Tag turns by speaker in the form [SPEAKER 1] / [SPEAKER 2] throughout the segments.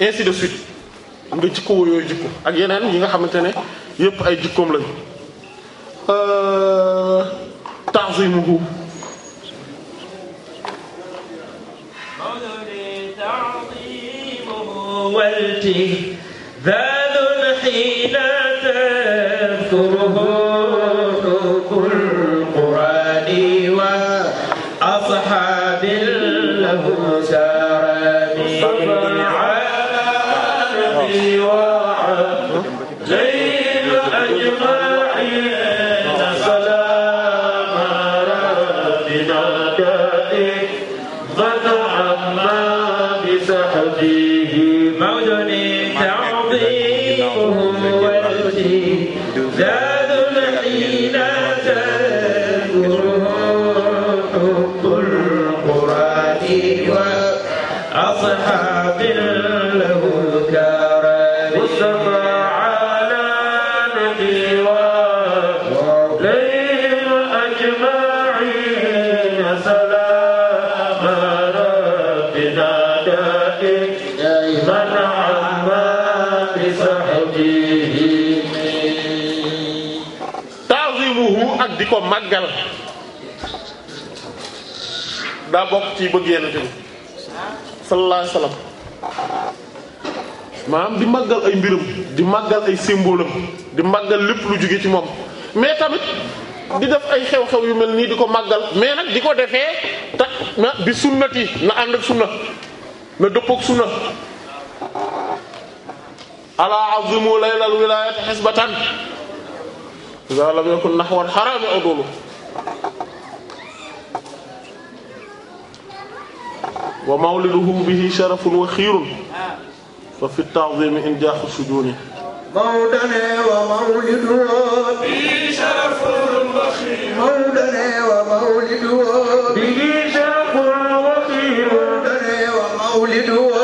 [SPEAKER 1] ainsi de suite nga jikko woo jikko ak yeneen yi nga xamante ne yépp ay jikkoom lañ euh, ta'zimuhu
[SPEAKER 2] والتي ذال حين تذكره
[SPEAKER 1] di ko màggal daa bokk ci bëgg yenente bi sallallahu alayhi di màggal ay mbiram di màggal ay symbole am di màggal lépp lu jóge ci moom mais tamit di def ay xew-xew yu mel nii di ko màggal mais nag di ko defee ta na bi sunnati na ànd ak sunna na dëppook sunna ala azimu laylal wilayati xisbatan iza lam yakun nahwal harami adulu wa mawliduhu bihi sharafun wa xiirun fa fi ta'zimi in jaaxu sujuni
[SPEAKER 2] mawdane wa mawliduhu bihi sharafun wa xiirun mawdane wa mawliduhu bihi sharafun wa xiirun mawdane wa mawliduhu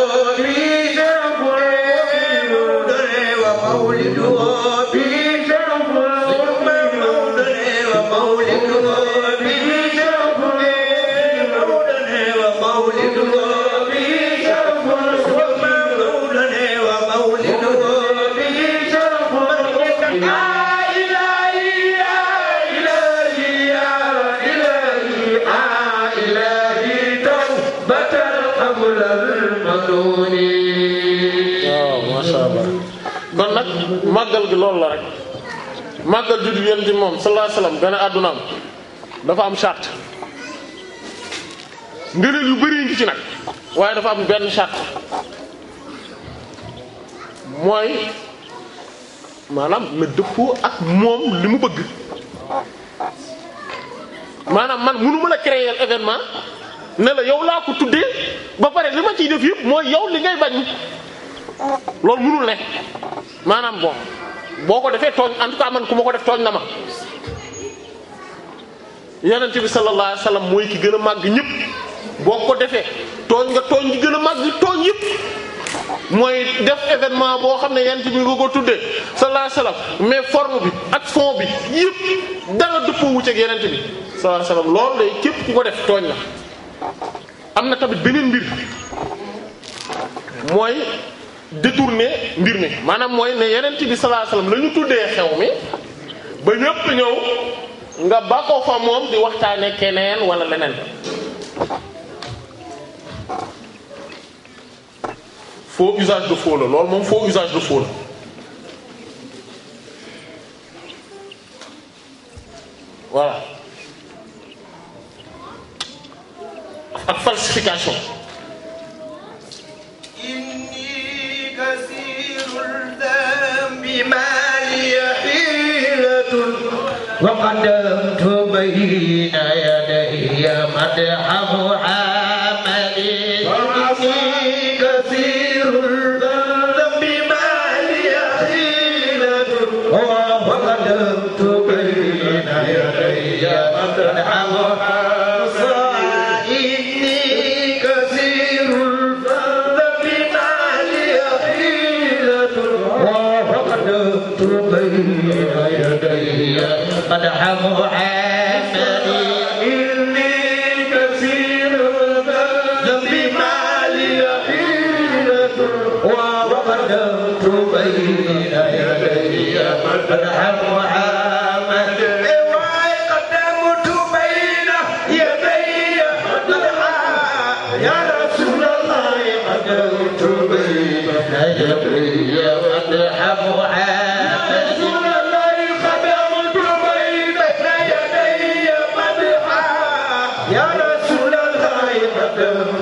[SPEAKER 1] màggal gi loolu la rek màggal juddu yéen di moom sallallahu alayhi wasallam gën a àddunaam dafa am charte ngëneel yu bari ngi ci nag waaye dafa am benn charte mooy maanaam na dëppoo ak moom li mu bëgg maanaam man mënu la créer événement ne la yow laa ko tuddee ba pare li ma ciy def yëpp mooy yow li ngay bañ loolu mënul ne maanaam bon boo ko defee tooñ en tout man ku ma ko def tooñ na ma yonent bi sallallahu alayhi mooy ki gën a màgg ñëpp boo ko defee tooñ nga tooñ gi gën a màgg tooñ yëpp mooy def événement boo xam ne yonent bi nga ko tuddee sallallahu alayhi mais forme bi ak fond bi yëpp dara dëppoo wu ci ak bi sallallahu alayhi wasallam loolu day képp ku ko def tooñ la am na tamit beneen mbir mooy détourner mbir mi maanaam mooy ne yenent bi sallallahu alayhi la ñu tuddee xew mi ba ñëpp ñëw nga bakoo fa moom di waxtaane keneen wala leneen faux usage de faux la loolu moom faux usage de faux la voilà ak falsification
[SPEAKER 2] وقدمت بين يدي مدح محمد وحوحا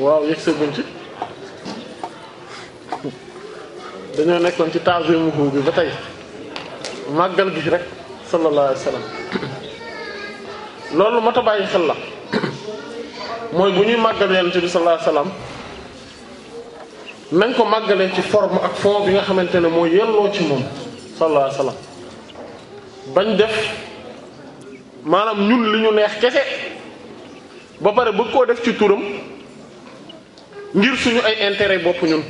[SPEAKER 1] waaw yëg sa bunt dañoo nekkoon ci mu taazimuhu bi ba tey màggal gi rek sallallahu alayhi wa loolu mat bàyyi xel la mooy bu ñuy màggal yonent bi sallallahu salaam wa nañ ko màggalee ci forme ak fond bi nga xamante ne mooy yelloo ci moom sallallahu alayhi bañ def maanaam ñun li ñu neex kese ba pare bëgg koo def ci turam ngir suñu ay intérêt boppu ñun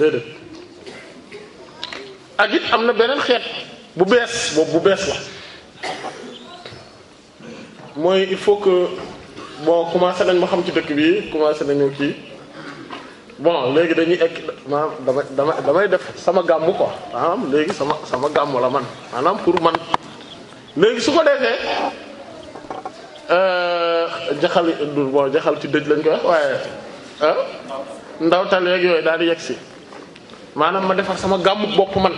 [SPEAKER 1] déedéet ak it am na beneen xeet bu bees boobu bu bees la mooy il faut que bon commencé lañ ma xam ci dëkk bi commencé nañu kii bon léegi dañuy egg maanaam dama damay def sama gàmmu ko maanaam léegi sama sama gàmmu la man maanaam pour man léegi su ko defee euh, jaxal du bon jaxal ci dëj lañ koy waaye ah ndawtal yeeg yooyu daal di yegg si maanaam ma defar sama gàmmu bopp man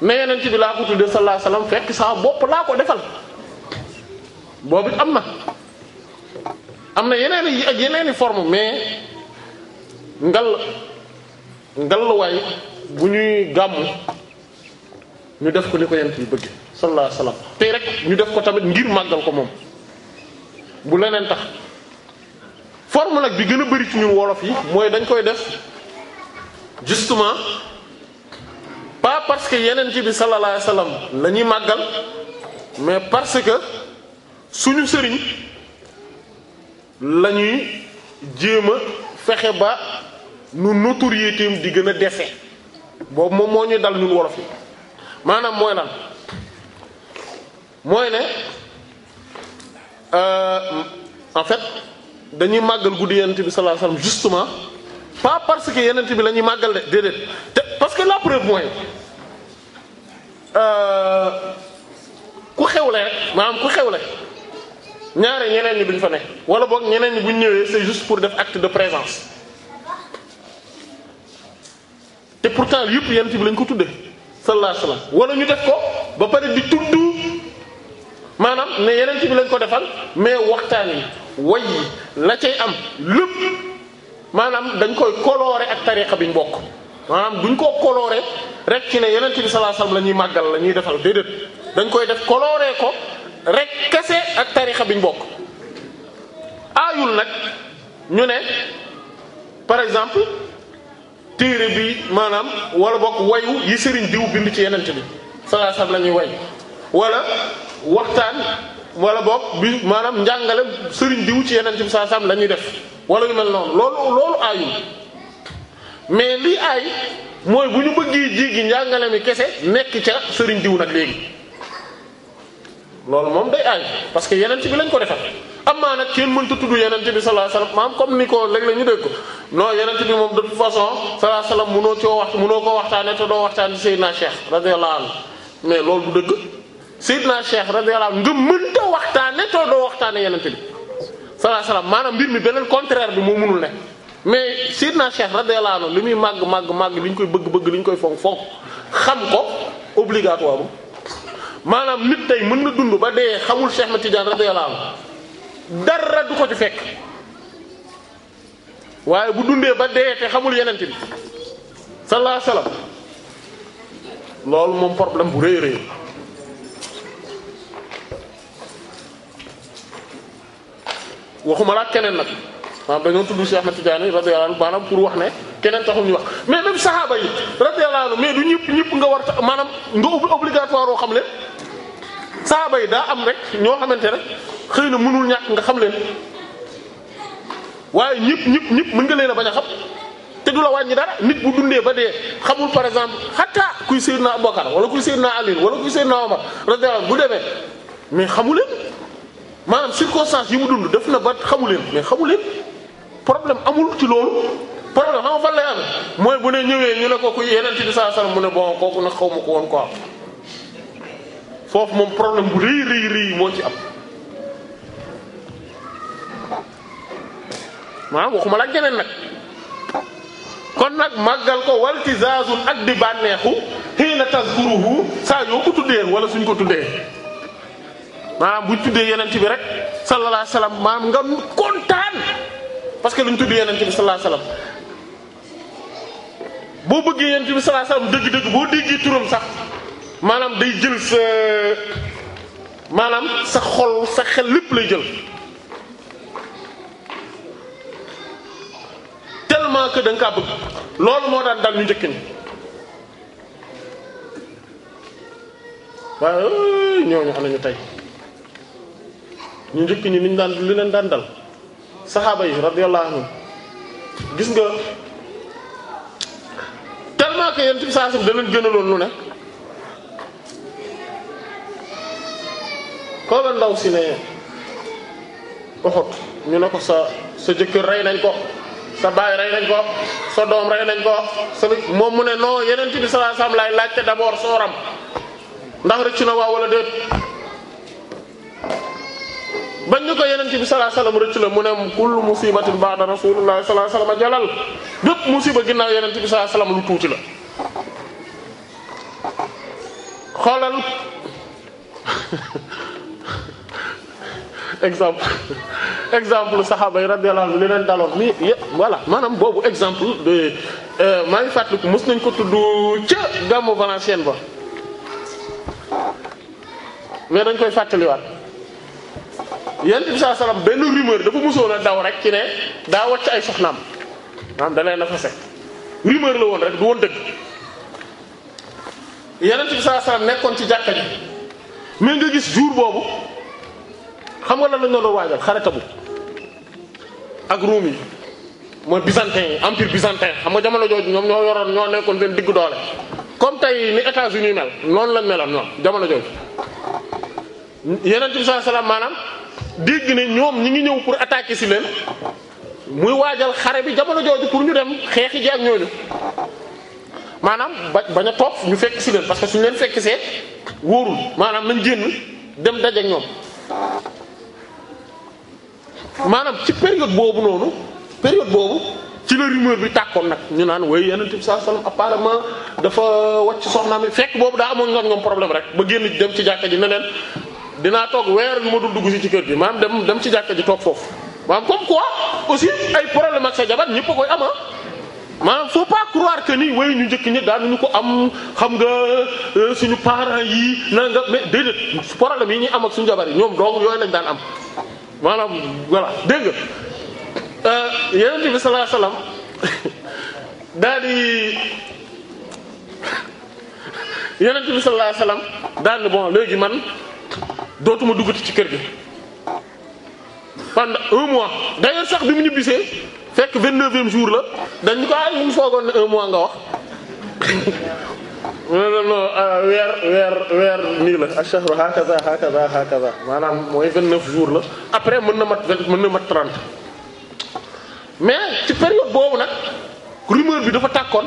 [SPEAKER 1] mais yeneen ci bi laa ko tuddee sallallahu alayhi fekk sama bopp laa ko defal boobu am na am na yeneeni yi ak yeneen i forme mais ngal ngalluwaay bu ñuy gàmmu ñu def ko ni ko yent yi bëgg sallallahu alayhi tey rek ñu def ko tamit ngir màggal ko moom bu leneen tax forme nag bi gën a bari ci ñun wolof yi mooy dañ koy def justement pas parce que yeneen ci bi sallallahu alayhi wasallam màggal mais parce que suñu sëriñ la ñuy jéem a fexe ba nu notoriété am di gën a defe boobu moom moo ñuy dal ñun wolof yi maanaam mooy lan mooy ne euh, en fait dañuy màggal guddi yeneen bi sallallahu alayhi justement pas parce que yenent bi la ñuy màggal de déedéet te parce que la preuve mooy euh, ku xew le maanaam ku xew le ñaare ñeneen ñi duñ fa ne wala boog ñeneen ñi buñ ñëwee c'est juste pour def acte de présence te pourtant yëpp yenent bi lañ ko tudde sallallahu alayhi wala ñu def ko ba pare di tudd maanaam ne yeneen bi lañ ko defal mais waxtaan yi way la cay am lépp maanaam dañ koy koloore ak tariqa bi ñu bokk maanaam duñ ko koloore rek ci ne yonent bi sallallahu alayhi la ñuy màggal la ñuy defal déedéet dañ koy def coloré ko rek kese ak tariqa bi ñu bokk aayul nag ñu ne par exemple téere bi maanaam wala bokk wayu yi sëriñ diw bind ci yonent bi sallallahu alayhi wasallam la way wala waxtaan wala bokk bi maanaam njàngale sëriñ diw ci yonent bi sallallahu alayhi la ñuy def wala yu mel noonu loolu loolu aayul mais lii aay mooy bu ñu bëggee jéggi njàngale mi kese nekk ca sëriñ diw nag léegi loolu moom day aay parce que yeneen ci bi lañ ko defal amaa nag kenn mënta tudd yenente bi sallallahu alayhi wasallam maam comme ni ko léeg-léeg ñu dégg ko non yenente bi moom de toute façon sallallahu mënoo coo wax mënoo koo waxtaane te doo waxtaan ci Seydina Cheikh radiyallahu anhu mais loolu du dëgg Seydina Cheikh radiyallahu anhu nga mënta waxtaane te doo waxtaane yenente bi sallallahu alayhi maanaam mbir mi beneen contraire bi moo munul ne mais Seydina Cheikh radiyallahu anhu li muy màgg màgg màgg li ñu koy bëgg bëgg li ñu koy fonk fonk xam ko obligatoire maanaam nit tey mën na dund ba dee xamul Cheikh Ahmed Tidiane radiyallahu anhu dara du ko ci fekk waaye bu dundee ba dee te xamul yeneen bi sallallahu alayhi loolu moom problème bu rëy rëy waxuma la keneen nag maanaam dañoo tudd Cheikh Ahmed Tidiane radiyallahu anhu maanaam pour wax ne keneen taxul ñu wax mais même saxaaba yi radiyallahu mais du ñëpp ñëpp nga war a maanaam nga obligatoire oo xam leen saxaaba yi daa am rek ñoo xamante ne xëy na mënul ñàkk nga xam leen waaye ñëpp ñëpp ñëpp mën nga leen a bañ a xam te du la wàññi dara nit bu dundee ba dee xamul par exemple xataa kuy Seydina Abubakar wala kuy Seydina Ali wala kuy Seydina Omar radiyallahu bu demee mais xamu maanaam circonstance yi mu dund def na ba xamu leen mais xamu leen problème amul ci loolu problème xam nga fan lay am mooy bu ne ñëwee ñu ne ko ku yeneen ci di saa sal mu ne bon kooku nag xaw ma ko woon quoi foofu moom problème bu rëy rëy rëy moo ci am. maanaam ma la geneen nag kon nag màggal ko walti zaazul ak di bànneexu xëy na tas guruhu saa yoo ko tuddee wala suñ ko tuddee. maanaam buñ tuddee yenent bi rek sallallahu alayhi wasallam maanaam nga kontaan parce que luñ tuddee yenent bi sallallahu alayhi boo bëggee yenent bi sallallahu alayhi wasallam dëgg-dëgg boo déggee turam sax maanaam day jël sa maanaam sa xol sa xel lépp lay jël tellement que da kaa bëgg loolu moo daan dal ñu njëkk ni waaye ñooñu xam nañu tey ñu njëkk ñi ñu daan li leen daan dal saxaaba yi radiyallahu gis nga tellement que yéen ci saa si danañ gënaloon lu ne. kooba ndaw si ne Uhud ñu ne ko sa sa jëkkër rey nañ ko sa baay rey nañ ko sa doom rey nañ ko sa moom mu ne non yeneen bi sallallahu alayhi wasallam laay laajte d'abord sooram ndax rëccu na waaw wala déet. bañ ñu ko yeneen ci bi sallallahu alayhi wasallam rëccu la mu ne kullu musibatin ba'da rasulillahi sallallahu alayhi wasallam jalal bépp musiba ginnaaw yeneen ci bi sallallahu alayhi wasallam lu tuuti la xoolal exemple exemple saxaaba yi radiyallahu anhu li leen daloon mi voilà maanaam boobu exemple de euh, maa ngi fàttaliku mës nañ ko tudd ca gàmmu Valenciennes ba mais dañ koy fàttaliwaat yonent bi sallallahu alayhi wasallam benn rumeur dafa musoon a daw rek ci ne daa wàcc ay soxnaam maanaam da leen a rumeur la woon rek du woon dëgg yonent bi sallallahu alayhi nekkoon ci jàkka ji mais nga gis jour boobu xam nga lan lañ doon waajal xare Tabuk ak Room yi mooy byzantin yi empire byzantin xam nga jamono jooj ñoom ñoo yoroon ñoo nekkoon seen diggu doole comme tey ni États-Unis mel noonu lañ meloon ñoom jamono jooju yonent bi sallallahu alayhi maanaam. dégg ne ñoom ñi ngi ñëw pour attaquer si leen muy waajal xare bi jamono jooju pour ñu dem xeexi ji ak ñooñu maanaam ba bañ a toog ñu fekk si leen parce que suñu leen fekk see wóorul maanaam nañ génn dem daje ak ñoom maanaam ci période boobu noonu période boobu ci la rumeur bi tàkkoon nag ñu naan way yeneen bi saa sallam apparemment dafa wàcc soxnaam yi fekk boobu daa amoon ñoom ñoom problème rek ba génn dem ci jàkka ji ne leen dinaa toog weer mu dul dugg si ci kër gi maam dem dem ci jàkka ji toog foofu maanaam comme quoi aussi ay problème ak sa jabar ñëpp koy ama ah. maanaam faut pas croire que ni way ñu njëkk ñi daanuñu ko am xam nga euh, suñu parents yi na nga mais déedéet problème yi ñuy am ak suñ jabar yi ñoom donc yooyu lañ daan am maanaam voilà dégg nga euh, yonent bi sallallahu alayhi wasallam daal di yonent bi sallallahu alayhi wasallam daal di bon léegi man dootuma duggati ci kër gi pendant un mois d'ailleurs sax bi mu ñibbisee fekk vingt-neuvième jour la dañ ko ah ñu foogoon ne un mois nga wax ah, weer weer weer nii la ashahru hakaza hakaza hakaza maanaam mooy vingt-neuf jours la après mën na mat mën na mat trente mais ci période boobu nag rumeur bi dafa tàkkoon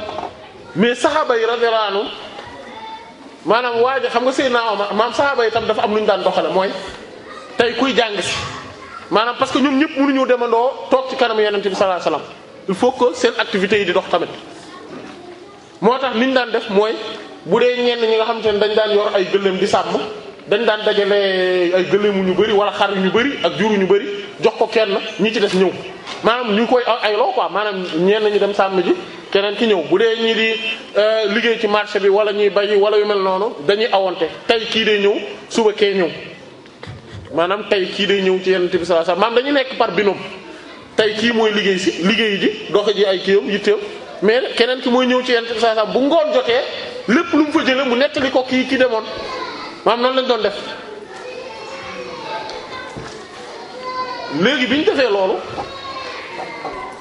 [SPEAKER 1] mais saxaaba yi radiyallahu anhum maanaam waa ji xam nga Seydina Omar maam saxaaba yi tam dafa am lu ñu daan doxale mooy tey kuy jàng si maanaam parce que ñun ñëpp mënuñu demandoo toog ci kanam yonent bi sallallahu alayhi il faut que seen activités yi di dox tamit moo tax li ñu daan def mooy bu dee ñenn ñi nga xamante ne dañ daan yor ay gëléem di sàmm dañ daan dajale ay gëléemu ñu bëri wala xar ñu bëri ak juru ñu bëri jox ko kenn ñi ci des ñëw maanaam ñu koy ay loo quoi maanaam ñenn ñi dem sàmm ji keneen ki ñëw bu dee ñii di euh, liggéey ci marché bi wala ñuy bayi wala yu mel noonu dañuy awante tey kii day ñëw suba kee ñëw maanaam tey kii day ñëw ci yenn bi sallallahu alayhi wasallam maanaam dañuy nekk par bi binôme tey kii mooy liggéey si liggéey ji doxe ji ay kiyam yitteem mais keneen ki mooy ñëw ci yenn bi sallallahu alayhi bu ngoon jotee lépp lu mu fa jële mu nettali ko kii ki demoon maam noonu lañ doon def léegi bi ñu defee loolu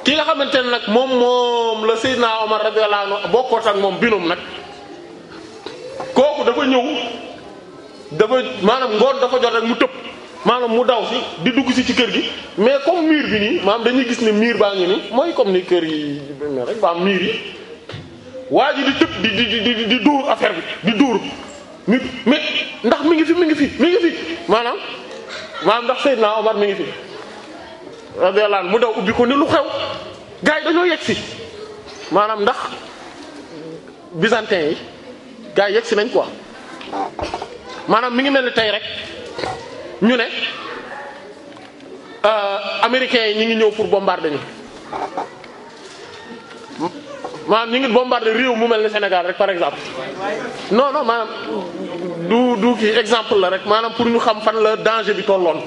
[SPEAKER 1] ki nga xamante ne nag moom moom la Seydina Omar radiyallahu anhu bokkoot ak moom binum nag kooku dafa ñëw dafa maanaam ngoon dafa jot rek mu tëb maanaam mu daw si di dugg si ci kër gi mais comme mur bi nii maanaam dañuy gis ne miir baa ngi nii mooy comme ni kër yi rek maanaam mur yi waa ji di tëb di di di di dóor affaire bi di dóor mi mais ndax mi ngi fi mi ngi fi mi ngi maanaam maanaam ndax Seydina Omar mi ngi fi. radiyallahu anhu mu daw ubbi ko ni lu xew gaa yi dañoo yegg si maanaam ndax byzantin yi gars yi yegg si nañ ko maanaam mi ngi mel ni tey rek ñu ne euh, américains yi ñu ngi ñëw pour bombarder ñu maanaam ñu ngi bombarder réew mu mel ni Sénégal rek par exemple non non maanaam du du kii exemple la rek maanaam pour ñu xam fan la danger bi tolloon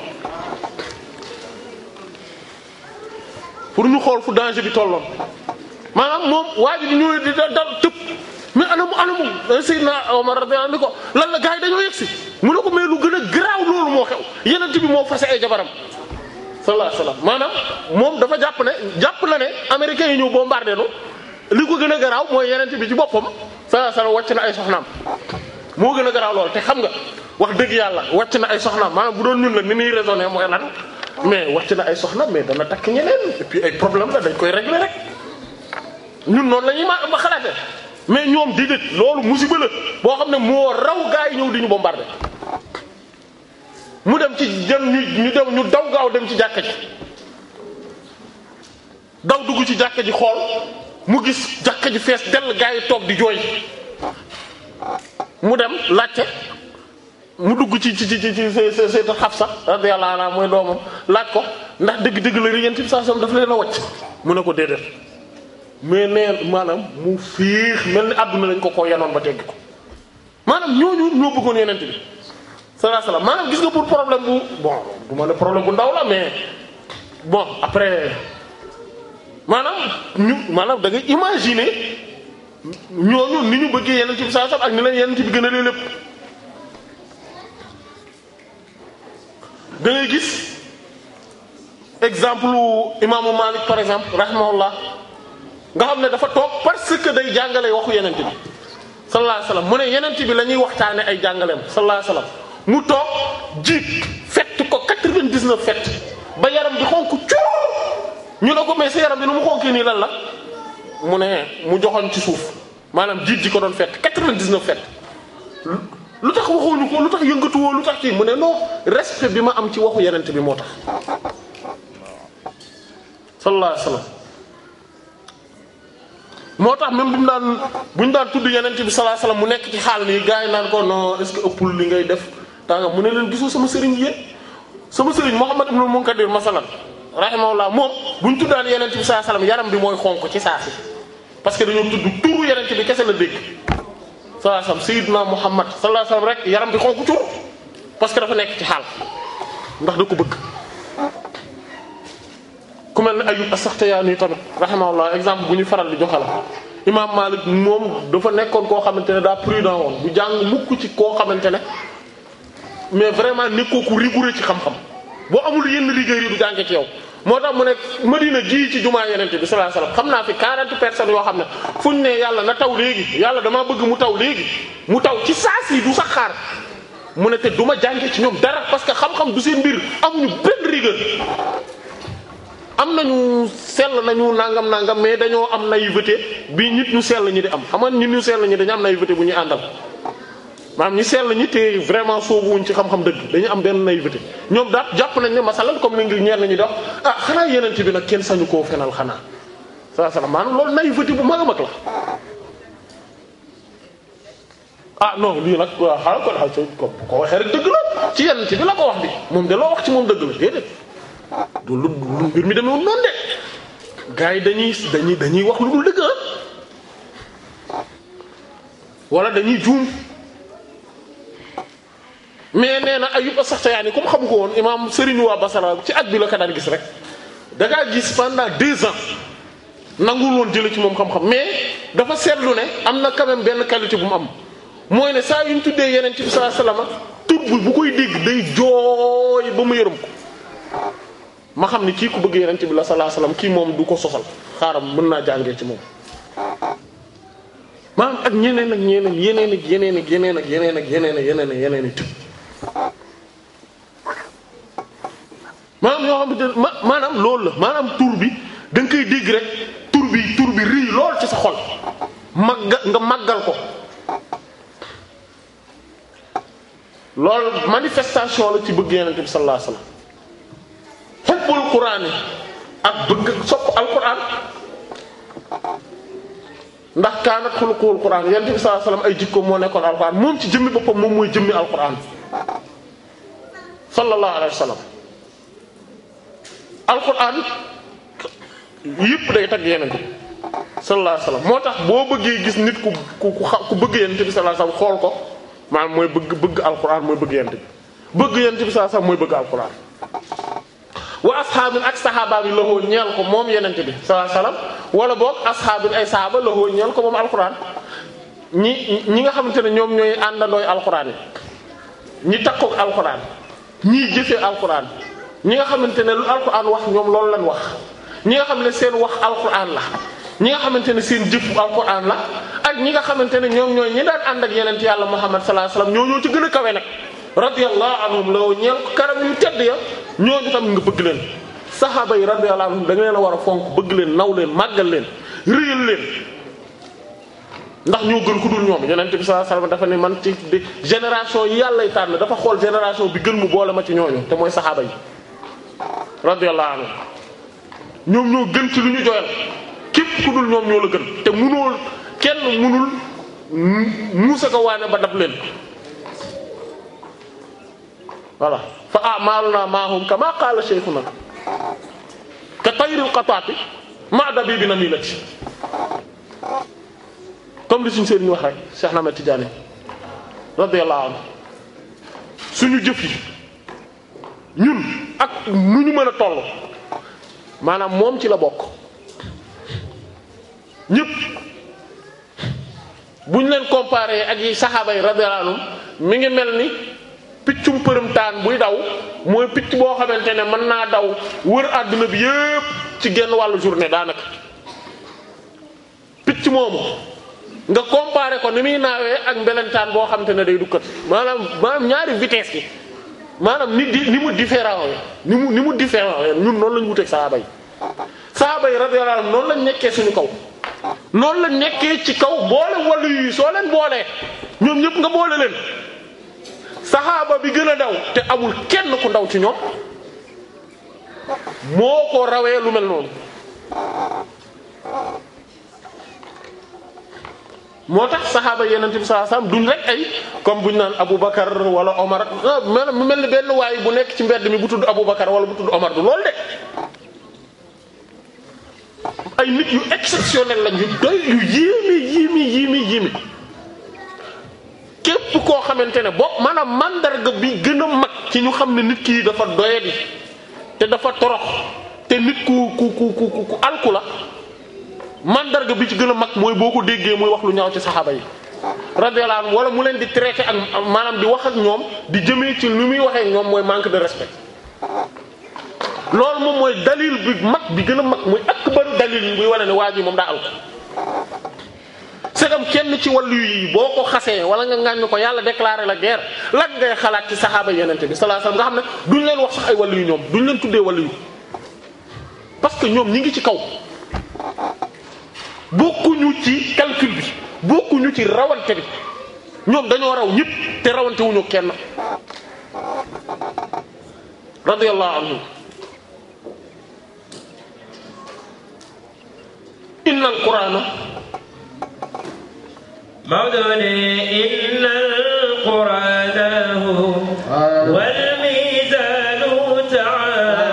[SPEAKER 1] pour ñu xool fu danger bi tolloon maanaam moom waa ji di di da da tëb mu anamu anamu euh, Seydina Omar radiyallahu anhu ko lan la gars yi dañoo yegsi mu ne ko mais lu gën a garaaw loolu moo xew yeneen bi moo fase ay jabaram sallallahu alayhi maanaam moom dafa jàpp ne jàpp na ne américains yi ñëw bombardé no li ko gën a garaaw mooy yeneen bi ci boppam sa alayhi wasallam wàcc na ay soxnaam moo gën a garaaw lool te xam nga wax dëgg yàlla wàcc na ay soxnaam maanaam bu doon ñun la ni muy raisonné mooy mais wàcc na ay soxna mais dana takk ñeneen et ay problème la dañ koy régler rek ñun noonu lañuy ma ma xalaate mais ñoom déedéet loolu musiba la boo xam ne moo raw gaa yi ñëw di ñu bombarder mu dem ci dem ñu ñu dem ñu daw gaaw dem ci jàkka ji daw dugg ci jàkka ji xool mu gis jàkka ji fees dell gaa yi toog di jooy mu dem laajte mu dugg ci ci ci ci sayyidat Hafsa radiyallahu anha mooy doomam laaj ko ndax dégg dëgg la yonent bi sallallahu alayhi wasallam dafa leen mu ne ko déedéet mais nee maanaam mu fiix mel ni àdduna lañ ko koo yanoon ba tegg ko maanaam ñooñu ñoo bëggoon yonent bi sallallahu alayhi wasallam gis nga pour problème bu bon bu ma ne problème bu ndaw la mais bon après maanaam ñu maanaam da ngay imagine ñooñu ni ñu bëggee yonent bi sallallahu alayhi wasallam ak ni leen yonent bi gën a lépp da gis exemple imaamu Malik par exemple rahimahullah nga xam ne dafa toog parce que day jàngale waxu yenent bi sallallahu alayhi mu ne yenent bi la ñuy waxtaane ay jàngaleem sallallahu alayhi mu toog jiit fett ko 99 fet ba yaram bi xonk cuur ñu ne ko mais sa yaram bi nu mu xonkee nii lan la mu ne mu joxoon ci suuf maanaam jiit ji ko doon fett 99 fett lu tax waxooñu ko lu tax yëngatuwoo lu tax kii mu ne non respect bi ma am ci waxu yenent bi moo tax sallallahu alayhi wasallam moo tax même bu ñu daan bu ñu daan tudd yenent bi sallallahu alayhi mu nekk ci xaal nii gars yi naan ko non est-ce que li ngay def tànga mu ne leen gisoo sama sëriñ yéen sama sëriñ Muhammad ibn Munkadir masalan rahimahullah moom bu ñu tuddaan yenent bi sallallahu alayhi yaram bi mooy xonk ci saa si parce que dañoo tudd turu yenent bi kese la dégg sallallahu alayhi wasallam sayyidna Muhammad sallallahu alayhi wasallam rek yaram bi xonk tur parce que dafa nekk ci xaal ndax da ko bëgg ku mel ne saxte as-Saxtiyaani tamit rahimahullah exemple bu ñu faral di joxe la imaam Maalik moom dafa nekkoon koo xamante ne daa prudent woon bu jàng mukk ci koo xamante ne mais vraiment nekkoo ku rigoureux ci xam-xam boo amul yenn liggéey yi du jàngee ci yow moo tax mu ne Madina gii ci jumaa yenente bi sallallahu xam naa fi 40 personnes yoo xam ne fu ñu ne yàlla na taw léegi yàlla damaa bëgg mu taw léegi mu taw ci saa sii du sax xaar mu ne te du ma jànge ci ñoom dara parce que xam-xam du seen mbir ñu benn rigueur am nañu sell ñu nangam nangam mais dañoo am naïveté bi nit ñu sell ñi di am xam nga nit ñu sell ñi dañu am naïveté bu ñuy àndal maanaam ñu sell ñi te vraiment soobuwuñ ci xam-xam dëgg dañu am benn naïveté ñoom daal jàpp nañ ne masalan comme ni ngi ñeen nañu def ah xanaa yenente bi nag kenn sañu koo fenal xanaa saa sala maanaam loolu naïveté bu mag a mag la ah non lii nag waaw xaaral ko ko ko rek dëgg la ci yenente bi wax bi moom de loo moom dëgg la déedéet lu mbir mi demeewul noonu de yi dañuy dañuy dañuy wax lu dul dëgg ah. wala dañuy juum mais nee na Ayub yaa saxtiyaani comme xamu ko woon imaam Serigne waa Basra ci ak bi la ko daan gis rek da gis pandaa deux ans nangul woon ci moom xam-xam mais dafa seetlu ne am na quand même benn qualité bu mu am mooy ne saa yu tuddee yeneen ci sallallahu alayhi wasallam tur bi bu koy dégg day ba mu yërëm ma xam ni kii ku bëgg yeneen bi la sallallahu alayhi kii moom du ko sosal xaaram mën naa jàngee ci moom maanaam ak ñeneen ak ñeneen yeneen ak yeneen ak yeneen ak yeneen ak yeneen ak yeneen ak yeneen maanaam yoo xam ne ma maanaam loolu la maanaam tur bi da nga koy dégg rek tur bi tur bi rëy lool ci sa xol màgga nga màggal ko lool manifestation la ci bëgg Yonent bi sallallahu alayhi wasallam xubbul Qur'aan ak bëgg sopp al-Qur'aan ndax kaanat xuluqul Qur'aan Yonent bi sallallahu ay jikko moo nekkoon al-Qur'aan moom ci jëmmi boppam moom mooy jëmmi al-Qur'aan sallallahu alayhi wa sallam alquran yëpp day tagg yeneen bi sallallahu alayhi wa moo tax boo bëggee gis nit ku ku ku xa ku bëgg yenent bi sallallahu alayhi wa xool ko maanaam mooy bëgg bëgg alquran mooy bëgg yenent bi bëgg yenent bi sallallahu alayhi wa mooy bëgg alquran wa asxaabin ak saxaabaam yi lahoo ñeel ko moom yenent bi sallallahu alayhi wa sallam wala boog asxaabin ay saxaaba lahoo ñeel ko moom alquran ñi ñi nga xamante ne ñoom ñooy àndandooy alquran yi ñi takkook alquran ñiy jëfee alquran ñi nga xamante ne lu alquran wax ñoom loolu lañ wax ñi nga xam ne seen wax alquran la ñi nga xamante ne seen jëf alquran la ak ñi nga xamante ne ñoom ñooy ñi daan ànd ak yeneen yàlla Muhammad sallallahu alayhi wasallam ñoo ñoo ci gën a kawe nag radiyallahu anhum law ñeel karam ñu tedd ya ñooñu tam nga bëgg leen saxaaba yi radiyallahu anhum da nga leen a war a fonk bëgg leen naw leen màggal leen rëyal leen ndax ñoo gën ku dul ñoom yonent bi sallallahu alayhi wasallam dafa ne man ci di génération yi yàllay tànn dafa xool génération bi gën mu boole ma ci ñooñu te mooy saxaaba yi radiyallahu anhu ñoom ñoo gën ci lu ñu joyal képp ku dul ñoom ñoo la gën te munoo kenn munul muusa ko waane ba dab leen voilà fa a'maluna ma'hum kama qala shaykhuna ka tayril qatati ma dabibin namilati comme li suñu sëriñ wax rek Cheikh Ahmad Tidiane radiyallahu anhu suñu jëf yi ñun ak nu ñu mën a toll maanaam moom ci la bokk ñëpp buñ leen comparé ak yi saxaaba yi radiyallahu anhum mi ngi mel ni piccum përëmtaan buy daw mooy picc boo xamante ne mën naa daw wër àdduna bi yépp ci genn wàllu journée daanaka picc moomu. nga comparer ko ni muy naawee ak mbelentaan boo xam te ne day dukkat maanaam maanaam ñaari vitesse yi maanaam ni di ni mu différent ni mu ni mu différent ñun noonu la ñu wuteeg saaba yi saaba yi radiyallahu noonu lañ nekkee suñu kaw noonu la nekkee ci kaw boole wàllu yi soo leen boolee ñoom ñëpp nga boole leen saxaaba bi gën a daw te amul kenn ku ndaw ci ñoom moo ko rawee lu mel noonu moo tax saxaaba yenente bi sallallahu alayhi wasallam duñ rek ay comme buñ naan Abu Bakar wala Omar maanaam mel ni benn waay bu nekk ci mbedd mi bu tudd Abu Bakar wala bu tudd Omar du loolu de ay nit yu exceptionnel lañ yu doy yu yéeme yéeme yéeme yéeme képp koo xamante ne boo maanaam mandarga bi gën a mag ci ñu xam ne nit kii dafa doyadi te dafa torox te nit ku ku ku ku ku alku la mandarga bi ci gën a mag mooy boo ko déggee muy wax lu ñaaw ci saxaaba yi radiyallahu anhu wala mu leen di traité ak maanaam di wax ak ñoom di jëmee ci lu muy waxee ñoom mooy manque de respect loolu moom mooy dalil bi mag bi gën a mag muy akbaru dalil yi buy wane ne waa ji moom daa alko segam kenn ci wàllu yi boo ko xasee wala nga ngàññ ko yàlla déclaré la guerre lan ngay xalaat ci saxaaba yenente bi sallallahu alayhi wasallam ne duñ leen wax sax ay wàllu yu ñoom duñ leen tuddee wàllu yu que ñoom ñi ngi ci kaw bokkuñu ci calcul bi bokkuñu ci rawante ñoom dañoo raw ñëpp te rawante wuñu kenn radiyallahu anhu inna alqurana
[SPEAKER 2] mawdo inna alqurana wal miizanu ta'ala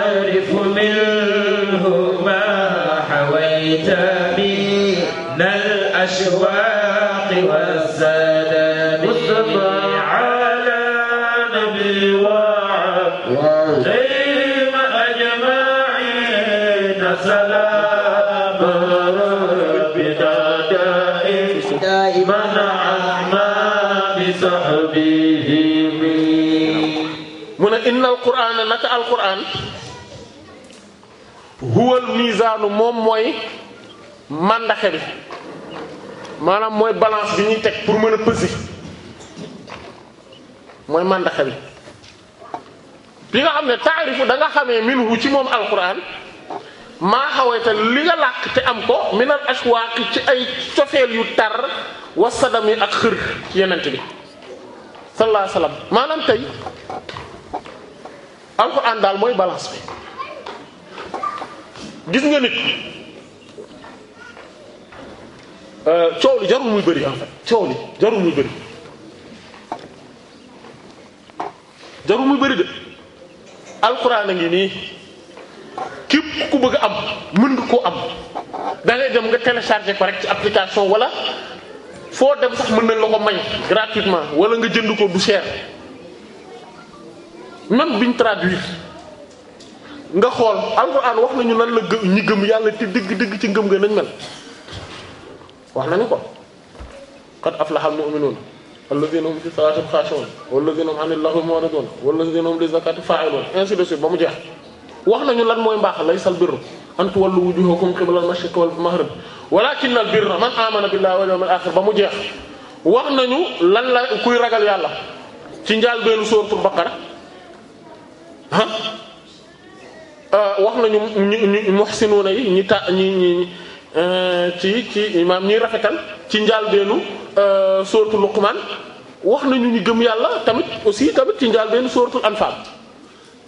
[SPEAKER 2] mu
[SPEAKER 1] ne innal quraana naka alquraan huwal miizaanu moom mooy màndaxe bi maanaam mooy balance bi ñuy teg pour mën a peser mooy màndaxe bi bi nga xam ne taarifu danga nga xamee minhu ci moom alquran maa xawayte li nga làkk te am ko minal ashwaaqi ci ay sofeel yu tar was wasadami ak xër ci yenent bi sallallahu alayhi wasallam maanaam tey alquran daal mooy balance bi gis nga nit euh, coow li jarul muy bëri coow li jarul muy bëri jaru mu bëri de alxuraan a ngi nii képp ku bëgg a am mën nga koo am da ngay dem nga télécharger ko rek ci application wala foo dem sax mën na la ko may gratuitement wala nga jënd ko bu seer même biñ traduire nga xool alxuraan wax nañu nan la ñi gëm yàlla te digg dëgg ci ngëm nga nañ mel wax nañu ko qad aflaha al noonu alladina hum fi salaatim xaashi'uun walladina hum anil laghwi mu'riduun walladina hum li zakaati faa'iluun ainsi de suite ba mu jeex wax nañu lan mooy mbaax laysal birru an tuwallu wujuhakum qibla al-mashriq wal maghrib walaakinnal birra man aamana billaahi wal yawmil aaxir ba mu jeex wax nañu lan la kuy ragal yàlla ci njaal beenu sóoratul baqara ah wax nañu ñu ñu muhsinuuna yi ñi ta ñi ñi Euh, ci ci maam ñuy rafetal ci njaalbeenu euh, sooratu Luqmaan wax nañu ñu gëm yàlla tamit aussi tamit ci njaalbeenu sooratul Anfaal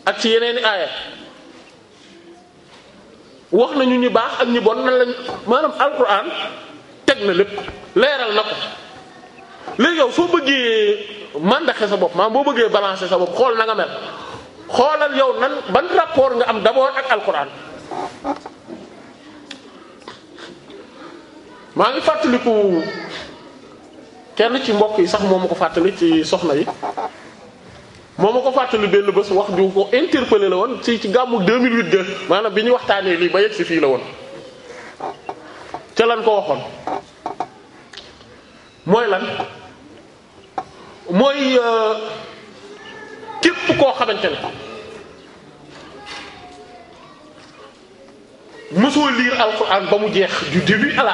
[SPEAKER 1] ak ci yeneen i aaya wax nañu ñu baax ak ñu bon nan lañ maanaam alquran teg na lépp leeral na ko léegi yow soo bëggee màndaxe sa bopp maam boo bëggee balancer sa bopp xool na nga mel xoolal yow nan ban rapport nga am d'abord ak alquran maa ngi fàttaliku kenn ci mbokk yi sax moom ma ko fàttali ci soxna yi moo ma ko fàttali benn bés wax ju ko interpellé la woon ci ci gàmmu 2008 ga maanaam bi ñu waxtaanee lii ba yegg si fii la woon ca lan ko waxoon mooy lan mooy euh, képp koo xamante ne mosoo liir alxuraan ba mu jeex du début à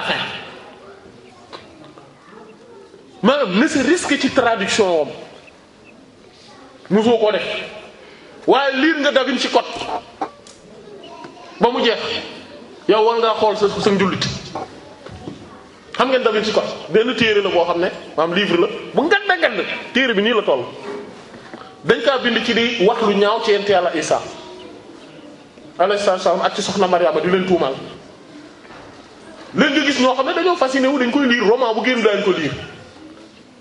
[SPEAKER 1] maanaam ne sa risque ci traduction wam mosoo ko def waaye liir nga Da Vinci Code ba mu jeex yow war ngaa xool sa sa njullit xam ngeen Da Vinci Code benn téere la boo xam ne maanaam livre la bu ngand ngand téere bi nii la toll dañ kaa bind ci di wax lu ñaaw ci yent yàlla Isa alayhi salaam ak ci soxna Mariama di leen tuumaal leen nga gis ñoo xam ne dañoo fasciné wu dañ koy liir roman bu génn daañu ko liir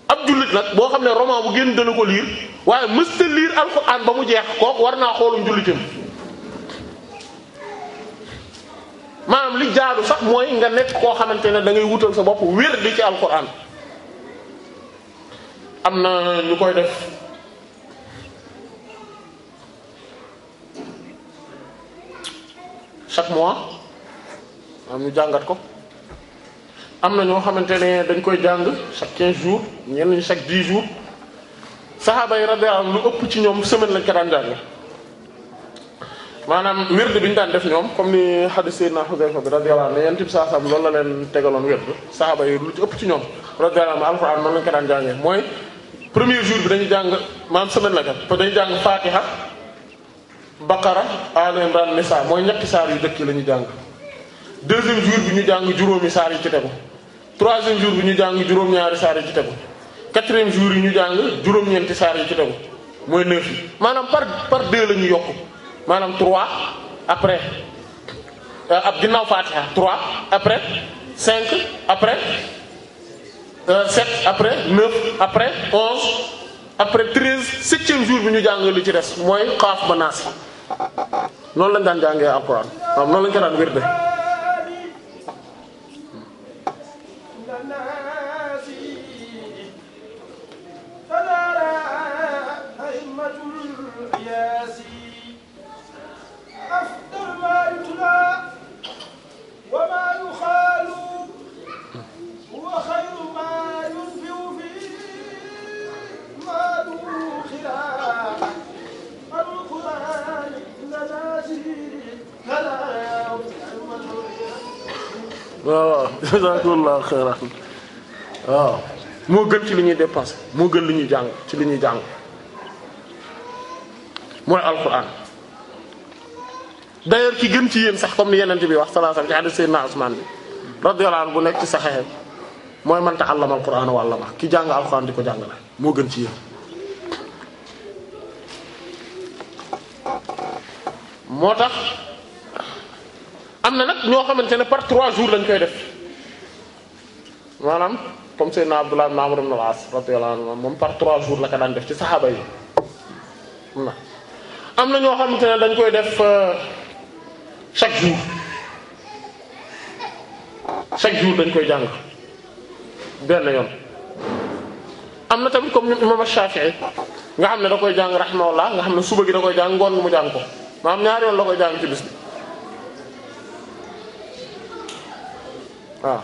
[SPEAKER 1] ab jullit nag boo xam ne roman bu génn dana ko liir waaye mësta liir alxuraan ba mu jeex kooku war naa xoolum jullitam maanaam li jaadu sax mooy nga nekk koo xamante ne da ngay wutal sa bopp wér di ci alxuraan am na ñu koy def chaque mois am ñu jàngat ko am na ñoo xamante ne dañ koy jàng chaque quinze jours ñenn ñu chaque dix jours saxaaba yi am lu ëpp ci ñoom semaine lañ ko daan jàng maanaam bi ñu daan def ñoom comme ni hadith Seydina Xuzayfa bi radiyallahu anhu yonent bi sallallahu alayhi la leen tegaloon wérd saxaaba yi lu ci ëpp ci ñoom radiyallahu anhu alxuraan noonu mooy premier jour bi dañuy jàng maanaam semaine la kat dañuy jàng Fatiha Baqara Al Imran Nisa mooy ñetti saar yu dëkk yi la ñuy jàng deuxième jour bi ñu jàng juróomi saar yi ci tegu. troisième jour bi ñu jàng juróom-ñaari saar yi ci tegu quatrième jour yi ñu jàng juróom-ñeenti saar yi ci tegu mooy neuf yi maanaam par par deux la ñu yokk maanaam trois après euh, ab ginnaaw Fatiha trois après cinq après euh, sept après neuf après onze après treize septième jour bi ñu jàng li ci des mooy xaaf ba naas noonu lañ daan jàngee alxuraan waaw noonu lañ ko daan wér de
[SPEAKER 2] أفضل ما يتلى وما يخال هو خير ما ينفع فيه ما ذو خلاف القرآن لنا
[SPEAKER 1] waaw jazakumullahu xayran waaw moo gën ci li ñuy dépenser moo gën li ñuy jàng ci li ñuy jàng mooy alquran d'ailleurs ki gën ci yéen sax comme ni yeneen bi wax sallallahu alayhi wa sallam ci hadith Sayyidina Usman bi radiyallahu anhu bu nekk ci mooy man ta'allama al-Qur'ana wa 'allama ki jàng alxuraan di ko jàngale moo gën ci tax am na nag ñoo xamante ne par trois jours lañ koy def maanaam comme Sayyidina Abdullah ibn Amr ibn al-As radiyallahu anhu moom par trois jours la ko daan def ci saxaaba yi am na am na ñoo xamante ne dañ koy def. Euh, chaque jour chaque jour dañ koy jàng benn yoon am na tamit comme ñun imam Shafi'i nga xam ne da koy jàng rahimahullah nga xam ne suba gi da koy jàng ngoon mu jàng ko maanaam ñaari yoon la koy jàng ci bis bi waaw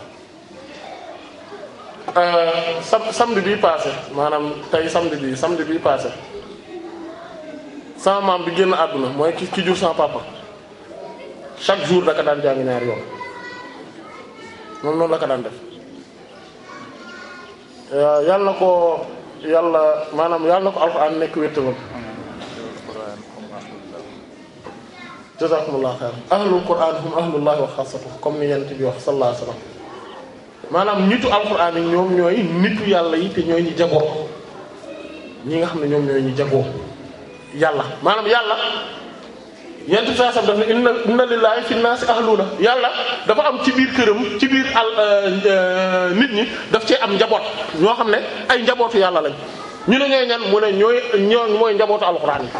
[SPEAKER 1] euh, sam samedi bii passé maanaam tey samedi bii samedi bi passé sama maam bi génn àdduna mooy ki ki jur sama papa chaque jour da ka daan jàng ñaari yoon moom noonu la ka daan def euh, yàlla na ko yàlla maanaam yàlla na ko alxuraan nekk wéttalam jazakumullah xeer ahlul quran hum ahlullah wa xasatuh comme ni yent bi wax sallallahu alayhi wa sallam maanaam nitu alxuraan yi ñoom ñooy nitu yàlla yi te ñooy ñi jagoo ñi nga xam ne ñoom ñooy ñi jagoo yàlla maanaam yàlla yent bi saa sam daf ne inna inna lillahi fi naasi ahluna yàlla dafa am ci biir këram ci biir al euh, euh, nit ñi daf cee am njaboot ñoo xam ne ay njabootu yàlla lañ ñu ne ñooy ñan mu ne ñooy ñoo mooy njabootu alxuraan yi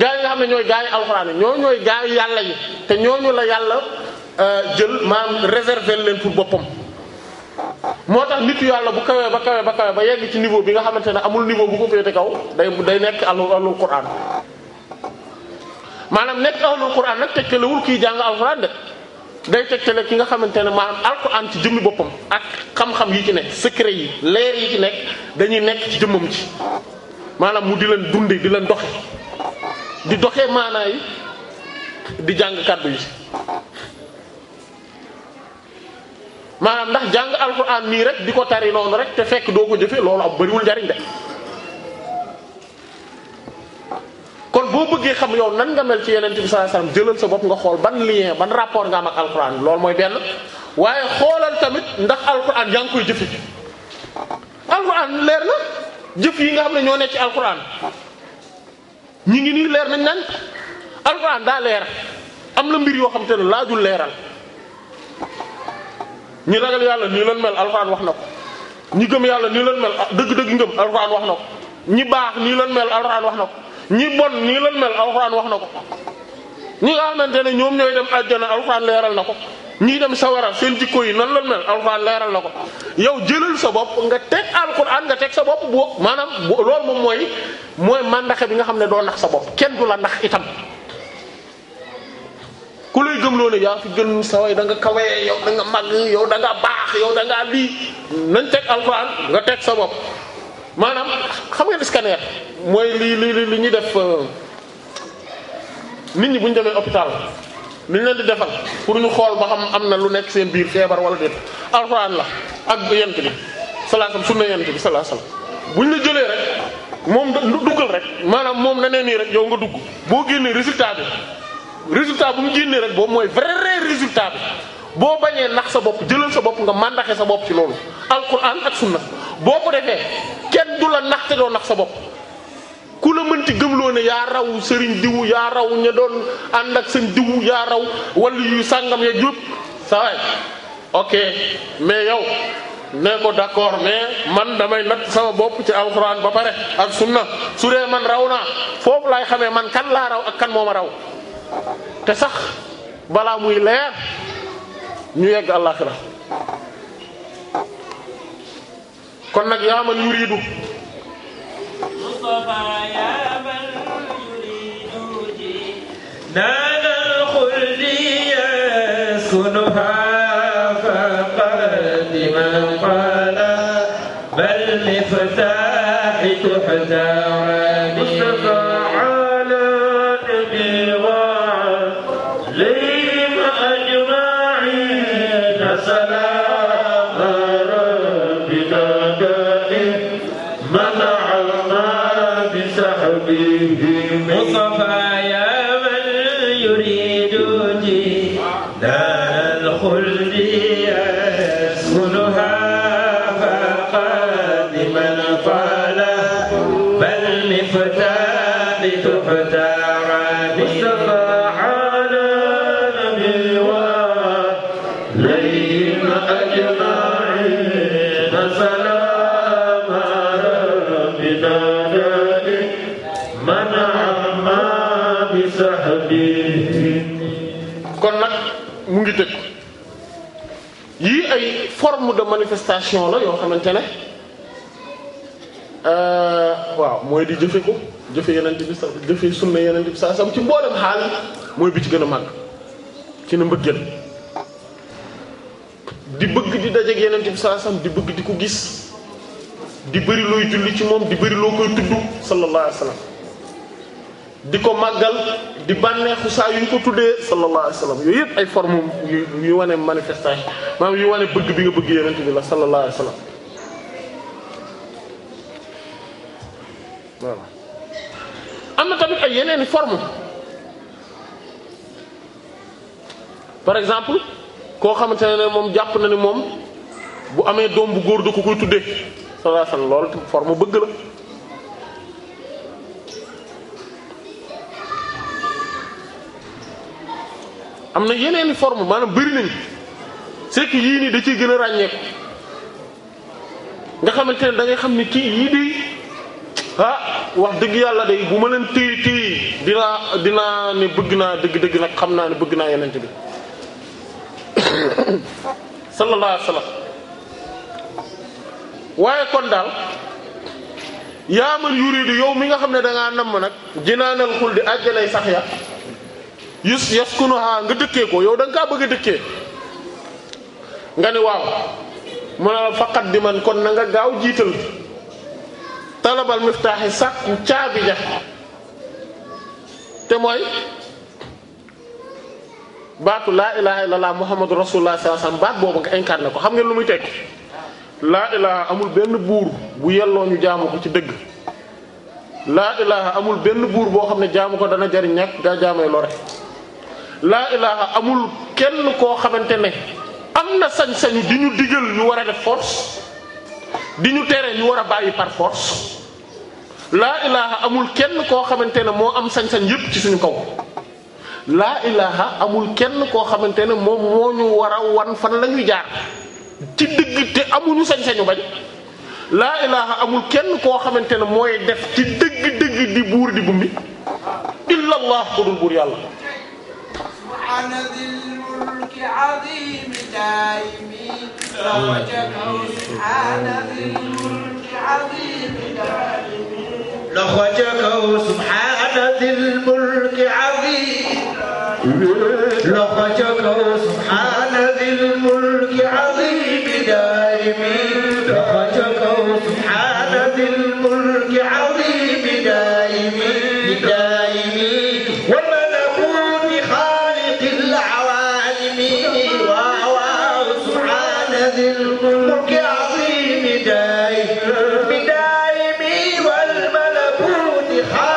[SPEAKER 1] gaa yi nga xam ne ñooy gaa yi alxuraan yi ñoo ñooy gaa yi yàlla yi te ñooñu la yàlla euh, jël maam réserver leen pour boppam moo tax nitu yàlla bu kawee ba kawee ba kawee ba yegg ci niveau bi nga xamante ne amul niveau bu ko féete kaw day da nekk alul alul Qur'an maanaam nekk ahlul quran nag tegtalewul kii jàng alquran de day tegtale ki nga xamante ne maanaam alquran ci jëmmi boppam ak xam-xam yi ci nekk secret yi leer yi ci nekk dañuy nekk ci jëmmam ci maanaam mu di leen dunde di leen doxe di doxee maanaa yi di jàng kàddu yi maanaam ndax jàng alquran nii rek di ko tari noonu rek te fekk doo ko jëfe loolu am bariwul njariñ de kon boo bëggee xam yow nan nga mel ci yeneen bi sallallahu alayhi wasallam jëlal sa bopp nga xool ban lien ban rapport nga am ak alquran mooy benn waaye xoolal tamit ndax alquran yaa ngi koy jëfe alquran leer na jëf yi nga xam ne ñoo nekk ci alquran ñi ngi nii leer nañ nañ alquran am la mbir yoo xam te ne laajul leeral ñi ragal yàlla nii leen mel alquran wax na ko ñi gëm yàlla nii leen mel dëgg-dëgg ngëm alquran wax na ko ñi baax nii leen mel alquran wax na ko ñi bon nii lan mel alxuraan wax na ko ñi nga xamante ne ñoom ñooy dem àjjana alxuraan leeral na ko ñii dem sawara seen jikko yi nan lan mel alxuraan leeral na ko yow jëlal sa bopp nga teg alxuraan nga teg sa bopp bu maanaam moom mooy mooy màndaxe bi nga xam ne doo nax sa bopp kenn du la nax itam ku lay gëmloo ne yaa fi gën da nga kawee yow da nga màgg yow da nga baax yow da nga lii nañ teg alxuraan nga teg sa bopp maanaam xam ngeen scanner mooy li li li ñuy def euh, nit ñi bu ñu demee hôpital li ñu leen di defal pour ñu xool ba xam am na lu nekk seen biir feebar wala déet alxuraan la ak yent bi salaasam sunna yent bi salaasam bu ñu la jëlee rek moom duggal rek maanaam moom na nee rek yow nga dugg boo génnee résultat bi résultat bu mu génnee rek boobu mooy vrai résultat bi boo bañee nax sa bopp jëlal sa bopp nga màndaxe sa bopp ci loolu alquran ak sunna boo ko defee kenn du la nax te doo nax sa bopp ku la mënti gëmloo ne yaa raw sëriñ diwu yaa raw ña doon ànd ak seen diwu yaa raw wala yu sàngam ya jub sa ok mais yow ne ko d'accord mais man damay natt sama bopp ci alquran ba pare ak sunna su dee man raw naa foofu laay xamee man kan laa raw ak kan moo ma raw te sax balaa muy leer ñu yegg àllaaxira kon nag yaa man yuriidu
[SPEAKER 2] Mustafa yaa man yuriidu ji naanal xuldi yaa sunuha مفتاح تحزارني مصطفى على نبي
[SPEAKER 1] bi yii ay form de manifestation la yoo xamante ne euh, waaw mooy di jëfe ko jëfe yeneen bi sa jëfe sunna yeneen bi sa sam ci mboolem xaal mooy bi ci gën a màgg ci na mbëggeel di bëgg di dajeek yeneen bi sa sam di bëgg di ko gis di bëri looy julli ci moom di bëri loo koy tudd sallallahu alayhi wa sallam di ko màggal di bànneexu saa yu ñu ko tuddee sallallahu alayhi wa yooyu yëpp ay forme yu yu wane manifestation maanaam yu wane bëgg bi nga bëgg yonent bi la sallallahu alayhi wa sallam voilà am na tamit ay yeneeni forme par exemple koo xamante ne moom jàpp na ne moom bu amee doom bu góor du ko koy tuddee sallallahu alayhi wa sallam loolu forme bëgg la am na yeneeni form man bëri nañ c'est yii nii da ci gën a ràññeeku nga xamante ne dangay xam ne kii yii di ah wax dëgg yàlla day bu ma leen téye téye dinaa dinaa ne bëgg naa dëgg-dëgg nag xam naa ne bëgg naa yenente bi sallallahu waaye kon daal yaa man yuridu yow mi nga xam ne dangaa namm nag jinaanal xul di àjjanay sax ya yus yaskunuha nga dëkkee ko yow danga kaa bëgg a dëkkee nga ne waaw mu ne la faqat di man kon na nga gaaw jiital talabal miftaaxi sàkku caabi ja te mooy baatu laa ilaha illallah muhammadu rasulullah sallallahu baat boobu nga incarné ko xam ngeen lu muy tekki laa ilaha amul benn buur bu yelloo ñu jaamu ko ci dëgg laa ilaha amul benn buur boo xam ne jaamu ko dana jariñ nekk gaa jaamay lore laa ilaha amul kenn koo xamante ne am na sañ-sañu di ñu digal ñu war a def force di ñu tere ñu war a bàyyi par force laa ilaha amul kenn koo xamante ne moo am sañ-sañ ci suñu kaw laa ilaha amul kenn koo xamante ne moom moo ñu war a wan fan lañuy jaar ci dëgg te amuñu sañ-sañu bañ laa ilaha amul kenn koo xamante ne mooy def ci dëgg-dëgg di buur di bumbi illa allah ko dul buur yàlla سبحان ذي
[SPEAKER 2] الملك عظيم دائمي لوجهه سبحان ذي الملك عظيم دائمي لوجهه سبحان ذي الملك عظيم لوجهه سبحان ذي الملك عظيم دائمي لوجهه سبحان ذي الملك عظيم Hallelujah.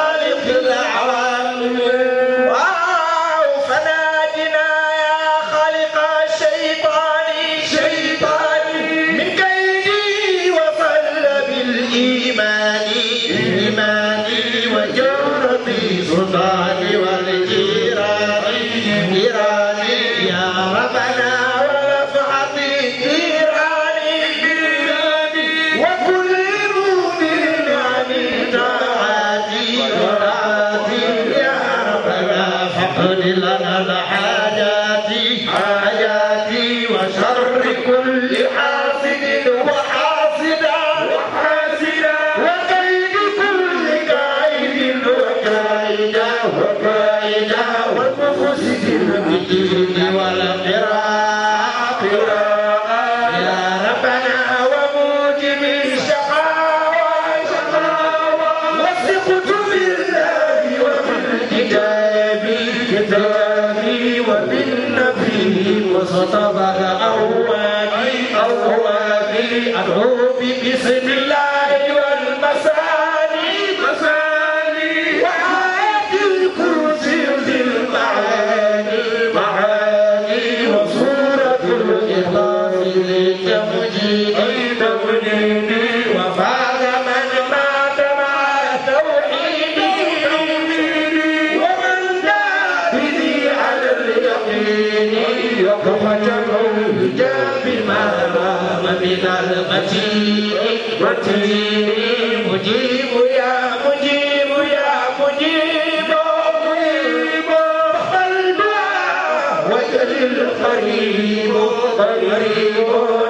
[SPEAKER 2] قريب قريب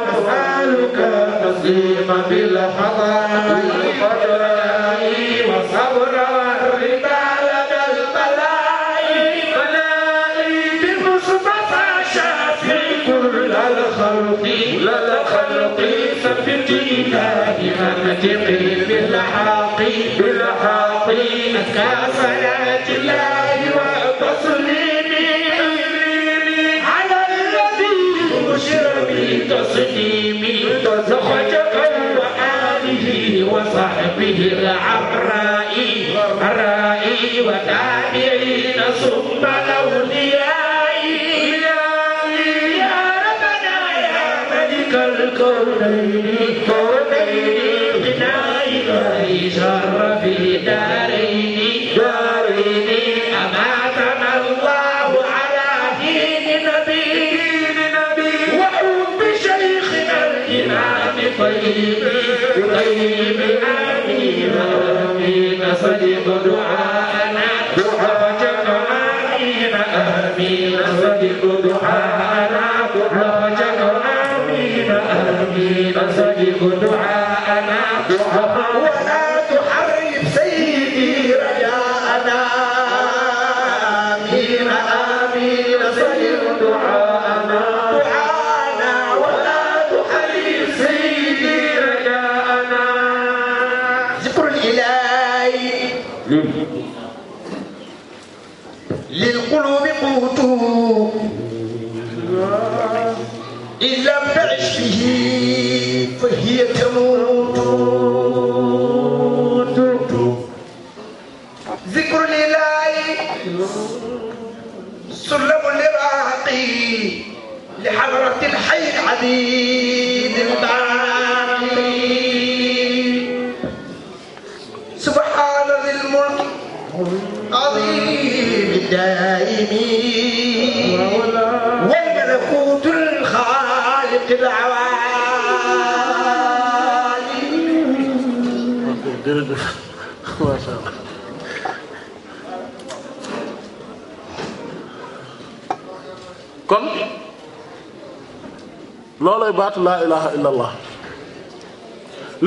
[SPEAKER 2] أسألك تسليما بالحضر وقدري وصبر الرضا لدى البلاء بلائي بمصطفى شافي كل الخلق كل الخلق ثبت إلهي منطقي تسليمي زوجة وآله وصحبه العراء الرائي وتابعين ثم الأولياء يا ربنا يا ملك الكونين كونين غناي غني شر في دارين دارين أماتنا الله على دين نبيه طيب يطيب آمين آمين صدق دعاءنا دعاء آمين آمين صدق دعاءنا دعاء آمين آمين صدق دعاءنا دعاء ولا تحرم سيدي رجاءنا آمين آمين صدق دعاءنا دعاء للقلوب قوته إن لم تعش به فهي تموت الدائمين والملكوت الخالق
[SPEAKER 3] العوالي
[SPEAKER 1] kon loolooy baatu laa ilaha illallah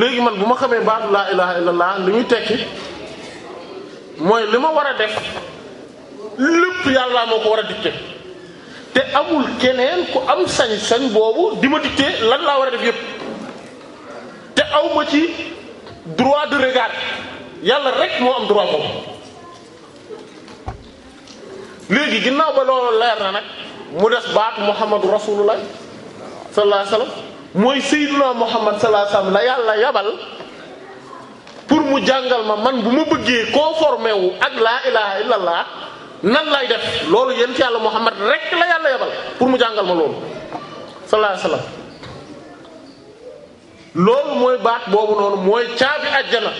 [SPEAKER 1] léegi man bu ma xamee baatu laa ilaha illallah li muy tekki mooy li ma war a def lépp yàllaa moo ko war a dicté te amul keneen ku am sañ-sañ boobu di ma dicté lan laa war a def yépp te awma ci droit de regard yàlla rek moo am droit boobu léegi ginnaaw ba loolu leer na nag mu des baat muhammadu rasulullah sallallahu alayhi wasallam mooy sayyiduna muhammad sallallahu alayhi wasallam la yàlla yabal pour mu jàngal ma man bu ma bëggee conformé wu ak laa ilaha illallah nan lay def loolu yéen ci yàlla Muhammad rek la yàlla yebal pour mu jàngal ma loolu sallallahu alayhi wasallam loolu mooy baat boobu noonu mooy caabi àjjana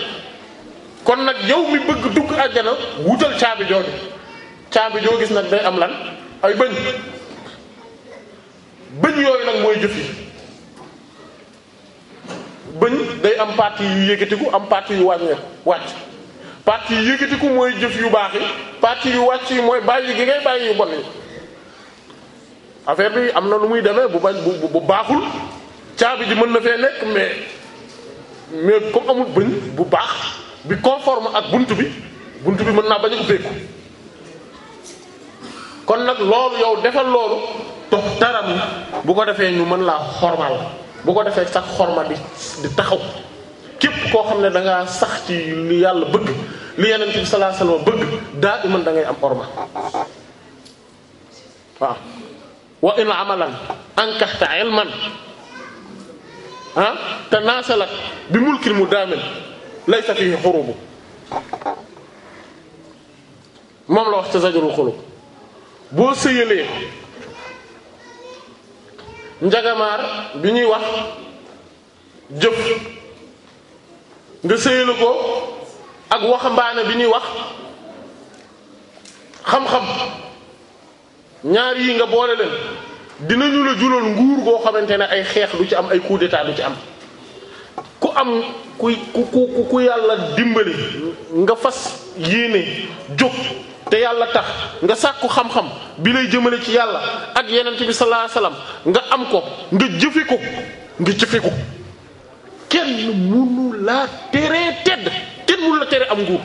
[SPEAKER 1] kon nag yow mi bëgg dugg àjjana wutal caabi jooju caabi joo gis nag day am lan ay bëñ bëñ yooyu nag mooy jëf yi bëñ day am partie yu yëkkatiku am partie yu wàññeeku wàcc partie yu yëkkatiku mooy jëf yu baax yi partie yu wàcc yi mooy bàyyi gi ngay bàyyi yu bon yi affaire bi am na lu muy demee bu bañ bu bu baaxul caabi ji mën na fee nekk mais mais comme amul bëñ bu baax bi conforme ak bunt bi bunt bi mën naa bañ a ubbeeku kon nag loolu yow defal loolu dara taram bu ko defee ñu mën laa xormal bu ko defee sax xorma di di taxaw képp koo xam ne da ngaa sax ci yàlla bëgg li yeneen bi sallallahu alayhi bëgg daa di mën am orma waaw wa in amalan ankaxta ilman ah te naasalak bi mulkin mu daamin laysa fihi xurubu moom la wax ca zajarul xulub boo sëyalee njagamaar bi ñuy wax jëf nga sëyale ko ak waxambaane bi ñuy wax xam-xam ñaar yi nga boole leen dinañu la jural nguur goo xamante ne ay xeex du ci am ay coup lu ci am ku am ku ku ku yàlla dimbali nga fas yéene jóg te yàlla tax nga sàkku xam-xam bi lay jëmale ci yàlla ak yenent bi sallallahu nga am ko nga jëfe ko nga jëfe ko kenn munu laa teree tedd kenn munu la tere am nguur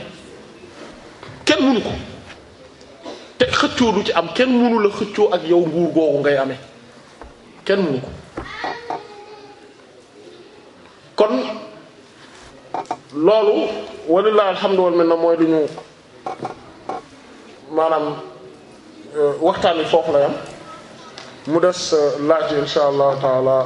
[SPEAKER 1] kenn munu ko te xëccoo du ci am kenn munu la xëccoo ak yow nguur googu ngay ame kenn munu ko kon loolu walilah alhamdu wal na mooy lu ñu maanaam euh, waxtaan wi foofu la yam mu des euh, laaj insha allahu taala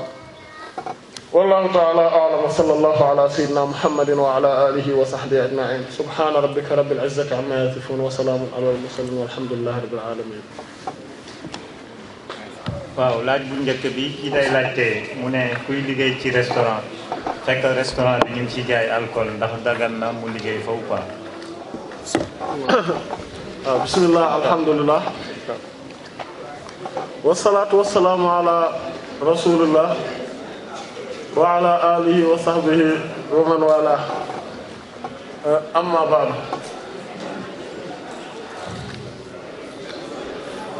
[SPEAKER 1] wallahu taala alam wa sallallahu ala sayyidina muhammadin wa ala alihi wa sahbihi ajmain subhana rabbika rabbil
[SPEAKER 3] izzati amma yasifun wa salaamun ala al mursalin walhamdulillahi rabbil alamin waaw laaj bu njëkk bi kii day laajte mu ne kuy liggéey ci restaurant fekk restaurant bi ñu ngi ci jaay alcool ndax dagan na mu liggéey fa ou pas waaw ah, bismillah alhamdulilah
[SPEAKER 1] wasalaatu wasalaamu ala rasulillah wa ala alihi wa sahbihi wala eh, amma ba'd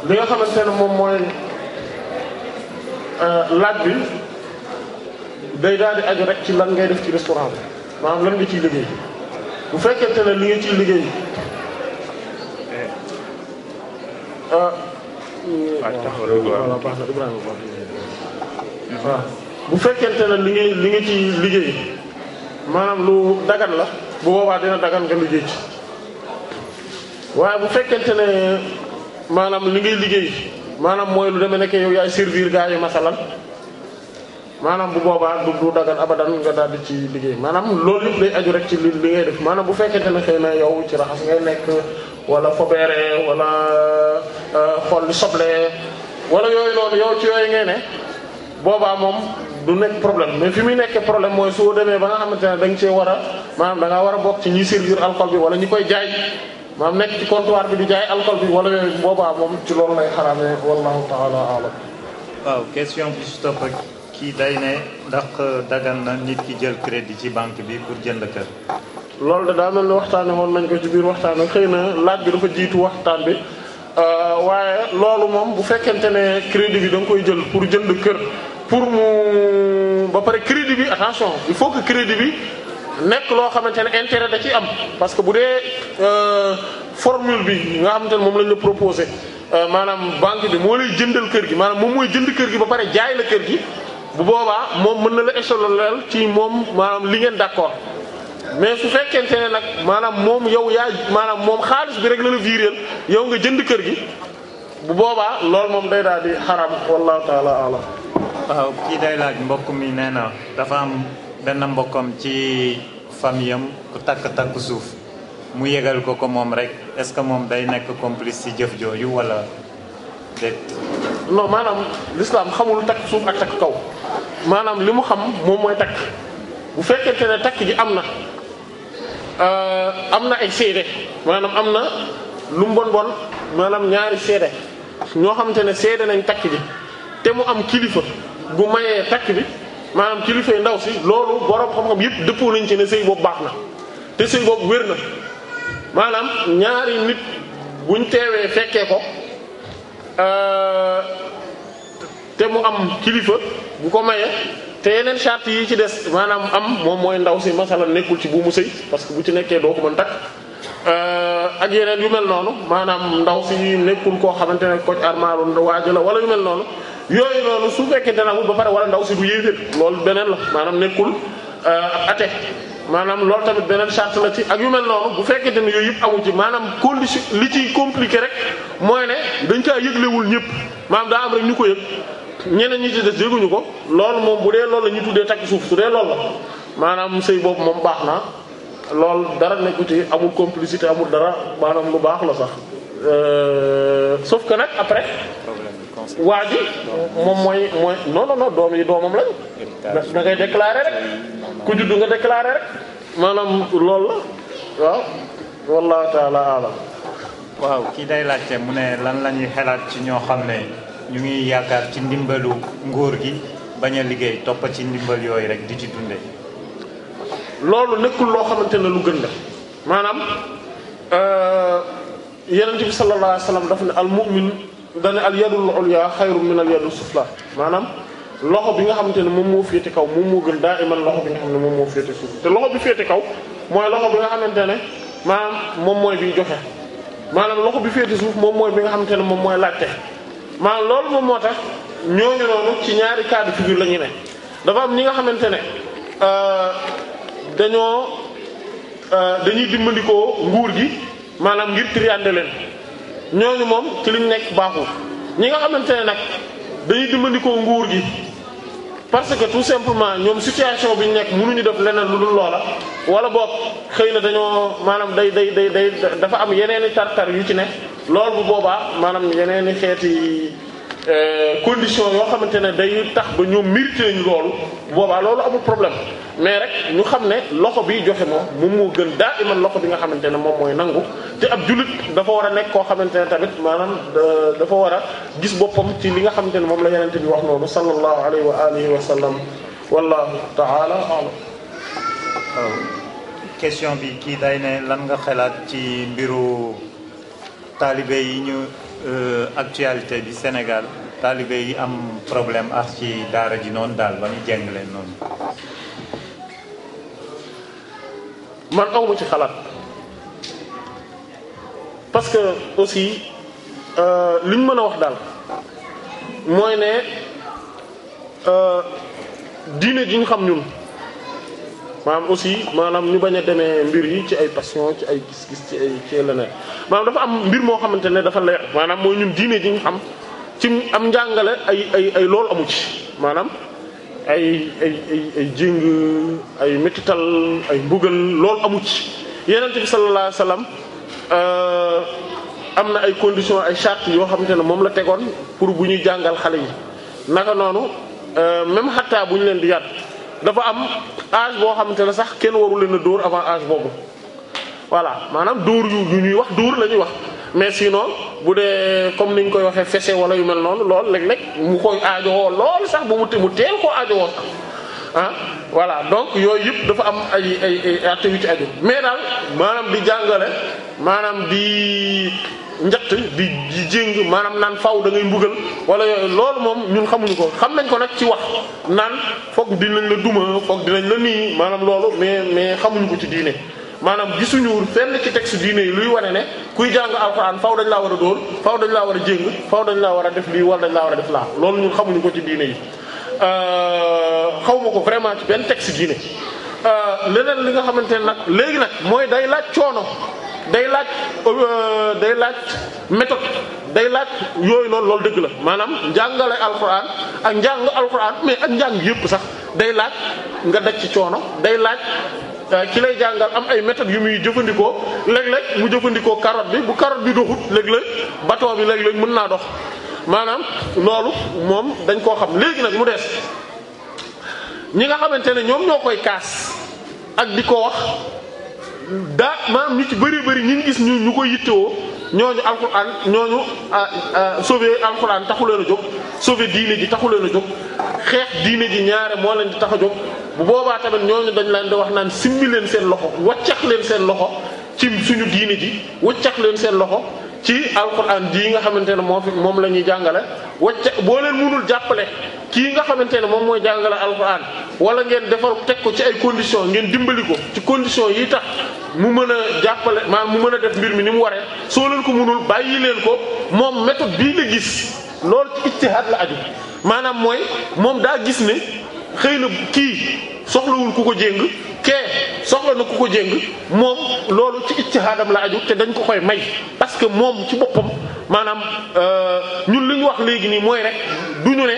[SPEAKER 1] li nga xamante ne moom mooy eh, laaj bi day daal aju rek ci lan ngay def ci restaurant bi maanaam lan nga ciy liggéey bu fekkente ne li nga ciy liggéey ah. bu fekkente ne li li nga ci liggéey maanaam lu dagan la bu boobaa dina dagan nga liggéey ci waaye bu fekkente ne maanaam li ngay liggéey maanaam mooy lu demee nekk yow yaay servir gaa yi masalan maanaam bu boobaa du du dagan abadan nga daal di ci liggéey maanaam loolu yëpp day aju rek ci li li ngay def maanaam bu fekkente ne xëy na yow ci raxas ngay nekk wala fobeere wala euh, xolli soble wala yooyu noonu yow ci yooyu ngay ne boobaa moom du nekk problème mais fi muy nekkee problème mooy soo demee ba nga xamante ne da nga cee war a maanaam da ngaa war a bokk ci ñi servir alcool bi wala ñi koy jaay
[SPEAKER 3] maanaam nekk ci comptoir bi di jaay alcool bi wala boobaa moom ci loolu lay xaraamee wallahu taala alam waaw question bi si topp day ne ndax dagan na nit ki jël crédit ci banque bi pour jënd kër. loolu da daa mel ni waxtaane woon nañ ko ci biir waxtaan
[SPEAKER 1] xëy na laaj bi dafa jiitu waxtaan bi euh, waaye loolu moom bu fekkente ne crédit bi da koy jël pour jënd kër. pour mu ba pare crédit bi attention il faut que crédit bi nekk loo xamante ne intérêt da ci am parce que bu dee euh, formule bi nga xamante ne moom lañu la proposé euh, maanaam banque bi moo lay jëndal kër gi maanaam moom mooy jënd kër gi ba pare jaay la kër gi bu booba moom mën na la échelonner ci moom maanaam li ngeen d'accord mais su fekkente ne nag maanaam moom yow yaa maanaam moom xaalis bi rek la la viréel yow nga jënd kër gi bu boobaa loolu moom day daal di
[SPEAKER 3] xaram wallahu taala alam waaw kii day laaj mbokk mi nee na dafa am benn mbokkam ci famille am ku takk takk suuf mu yëgal ko ko moom rek est-ce que moom day nekk complice si jëf jooju wala déet. non maanaam l'islam xamul takk kaw maanaam li mu xam moom mooy takk
[SPEAKER 1] bu fekkente ne takk ji am na euh, am na ay seede maanaam am na lu mu bon maanaam ñaari seede ñoo xamante ne seede nañ takk ji te mu am kilifa. bu mayee takk bi maanaam kilifay ndaw si loolu borom xam-xam yëpp dëppoo nañ ci ne sëy boobu baax na te sëy boobu wér na maanaam ñaari nit buñ teewee fekkee ko euh, te mu am kilifa bu ko mayee te yeneen charte yi ci des maanaam am moom mooy ndaw si masala nekkul ci bu mu sëy parce que bu ci nekkee doo ko mën takk euh, ak yeneen yu mel noonu maanaam ndaw si nekkul koo xamante ne koc armaaru waaju la wala yu mel noonu yooyu noonu su fekkente ne amul ba pare wala ndaw si du yéeféer loolu beneen la maanaam nekkul euh, ab ate maanaam loolu tamit beneen charte la ci ak yu mel noonu bu fekkente ne yooyu yëpp amu ci maanaam condition li ciy compliqué rek mooy ne dañ caa yëglewul ñëpp maanaam daa ñu ko yëg ñeneen ñi ci des ko loolu moom bu dee loolu la ñu tuddee takk suuf su dee loolu la maanaam boobu moom baax na loolu dara nekku ci amul complicité amul dara maanaam lu baax la sax euh, sauf que nag après waa ji moom mooy mooy non non non doom yi doomam lañ. ndax da ngay déclarer rek
[SPEAKER 3] ku juddu nga déclarer rek maanaam
[SPEAKER 1] loolu la waaw wallahu taala
[SPEAKER 3] alam waaw kii day laajte mu ne lan la ñuy xalaat ci ñoo xam ne ñu ngi yaakaar ci ndimbalu nguur gi bañ a liggéey topp ci ndimbal yooyu rek di ci dunde loolu nekkul loo xamante ne lu gën la maanaam
[SPEAKER 1] euh, yeneen bi sallallahu alayhi dafa ne al dana al yadul ulya xayrun min al yadul sufla maanaam loxo bi nga xamante ne moom moo féete kaw moom moo gën daa iman loxo bi nga xam moo féete suuf te loxo bi féete kaw mooy loxo bi nga xamante ne maanaam moom mooy biy joxe maanaam loxo bi féete suuf moom mooy bi nga xamante ne moom mooy laajte maanaam loolu moom moo tax ñooñu noonu ci ñaari cas de figure la ñu ne dafa am ñi nga xamante ne euh, dañoo euh, dañuy dimbandikoo nguur gi maanaam ngir triander leen ñooñu moom ci liñ nekk baaxul ñi nga xamante ne nag dañuy dimbandikoo nguur gi parce que tout simplement ñoom situation bi ñu nekk mënuñu def leneen lu dul loola wala boog xëy na dañoo maanaam day day day day dafa am yeneeni tartar yu ci ne lool bu boobaa maanaam yeneeni xeeti Euh, condition yoo xamante ne day tax ba ñoom mérité ñu loolu boobaa loolu amul problème mais rek ñu xam ne loxo bi joxe moom moom moo gën daa iman loxo bi nga xamante ne moom mooy nangu te ab jullit dafa war a nekk koo xamante ne tamit maanaam dafa war a gis boppam ci li nga xamante ne moom la yenente bi wax noonu sallallahu alayhi wa alihi wa sallam wallahu taala
[SPEAKER 3] question bi kii day ne lan nga xalaat ci mbiru taalibe yi ñu Euh, actualité bi Sénégal taalibe yi am problème ak ci daara ji noonu daal ba ñu jeng leen noonu. man awma ci xalaat
[SPEAKER 1] parce que aussi euh, li ñu mën a wax daal mooy ne euh, diine ji ñu xam ñun. maanaam aussi maanaam ñu bañ a demee mbir yi ci ay passion ci ay gis-gis ci ay ci leneen maanaam dafa am mbir moo xamante ne dafa leer maanaam mooy ñun diine ji ñu xam ci am njàngale ay ay ay loolu amu ci maanaam ay ay ay jéng ay métital ay mbugal loolu amu ci yeneen bi sallallahu alayhi euh, am na ay conditions ay chartes yoo xamante ne moom la tegoon pour bu ñuy jàngal xale yi naka noonu euh, même xattaa bu ñu leen di yàtt dafa am age boo xamante ne sax kenn waru leen a dóor avant âge boobu voilà maanaam dóor yu ñuy wax dóor la ñuy wax mais sinon bu dee comme niñ koy waxee fese wala yu mel noonu lool léeg-léeg mu koy aajowoo lool sax bu mu mu teel koo aajowoo sax ah voilà donc yooyu yëpp dafa am ay ay ay atte aju mais daal maanaam di jàngale maanaam di njatt di di jéng maanaam naan faw da ngay mbugal wala yooyu loolu moom ñun xamuñu ko xam nañ ko nag ci wax naan foog dinañ la duma foog dinañ la nii maanaam loolu mais mais xamuñu ko ci diine maanaam gisuñu fenn ci texte diine yi luy wane ne kuy jàng alxuraan faw dañ laa war a dóor faw dañ laa war a jéng faw dañ laa war a def lii dañ laa war a def laa loolu ñun xamuñu ko ci diine yi Euh, xaw ma ko vraiment ci benn texte diine euh, leneen li nga xamante ne nag léegi nag mooy day laaj coono day laaj euh, day laaj méthode day laaj yooyu noonu loolu dëgg la maanaam njàngale alxuraan ak njàng alxuraan mais ak njàng yëpp sax day laaj nga daj ci coono day laaj ci lay jàngal am ay méthodes yu muy jëfandikoo léeg-léeg mu jëfandikoo carotte bi bu carotte bi doxut léeg-léeg bateau bi léeg-léeg mën naa dox maanaam loolu moom dañ koo xam léegi nag mu des ñi nga xamante ne ñoom ñoo koy kaas ak di ko wax daa maanaam ñu ci bëri bari ñu ngi gis ñu ñu ko yittewoo ñooñu alquran ñooñu ah, ah, sauver alquran taxu leen a jóg sauver diine ji taxu leen a jóg xeex diine ji ñaare moo leen di tax a jóg bu boobaa tamit ñooñu dañ leen di wax naan simmi leen seen loxo waccax leen seen loxo ci suñu diine ji waccax leen seen loxo ci alquran ji nga xamante ne moo fi moom la ñuy jàngale wacca boo leen mënul jàppale kii nga xamante ne moom mooy jàngale alquran wala ngeen defar teg ko ci ay condition ngeen dimbali ko ci conditions yi tax mu mën a jàppale maanaam mu mën a def mbir mi ni mu waree soo leen ko mënul bàyyi leen ko moom méthode bii la gis loolu ci ijtihaad la aju maanaam mooy moom daa gis ne. xëy na kii soxlawul ku ko jéng kee soxla na ku ko jéng moom loolu ci ijtihaadam la aju te dañ ko koy may parce que moom ci boppam maanaam euh, ñun li ñu wax léegi nii mooy rek du ñu ne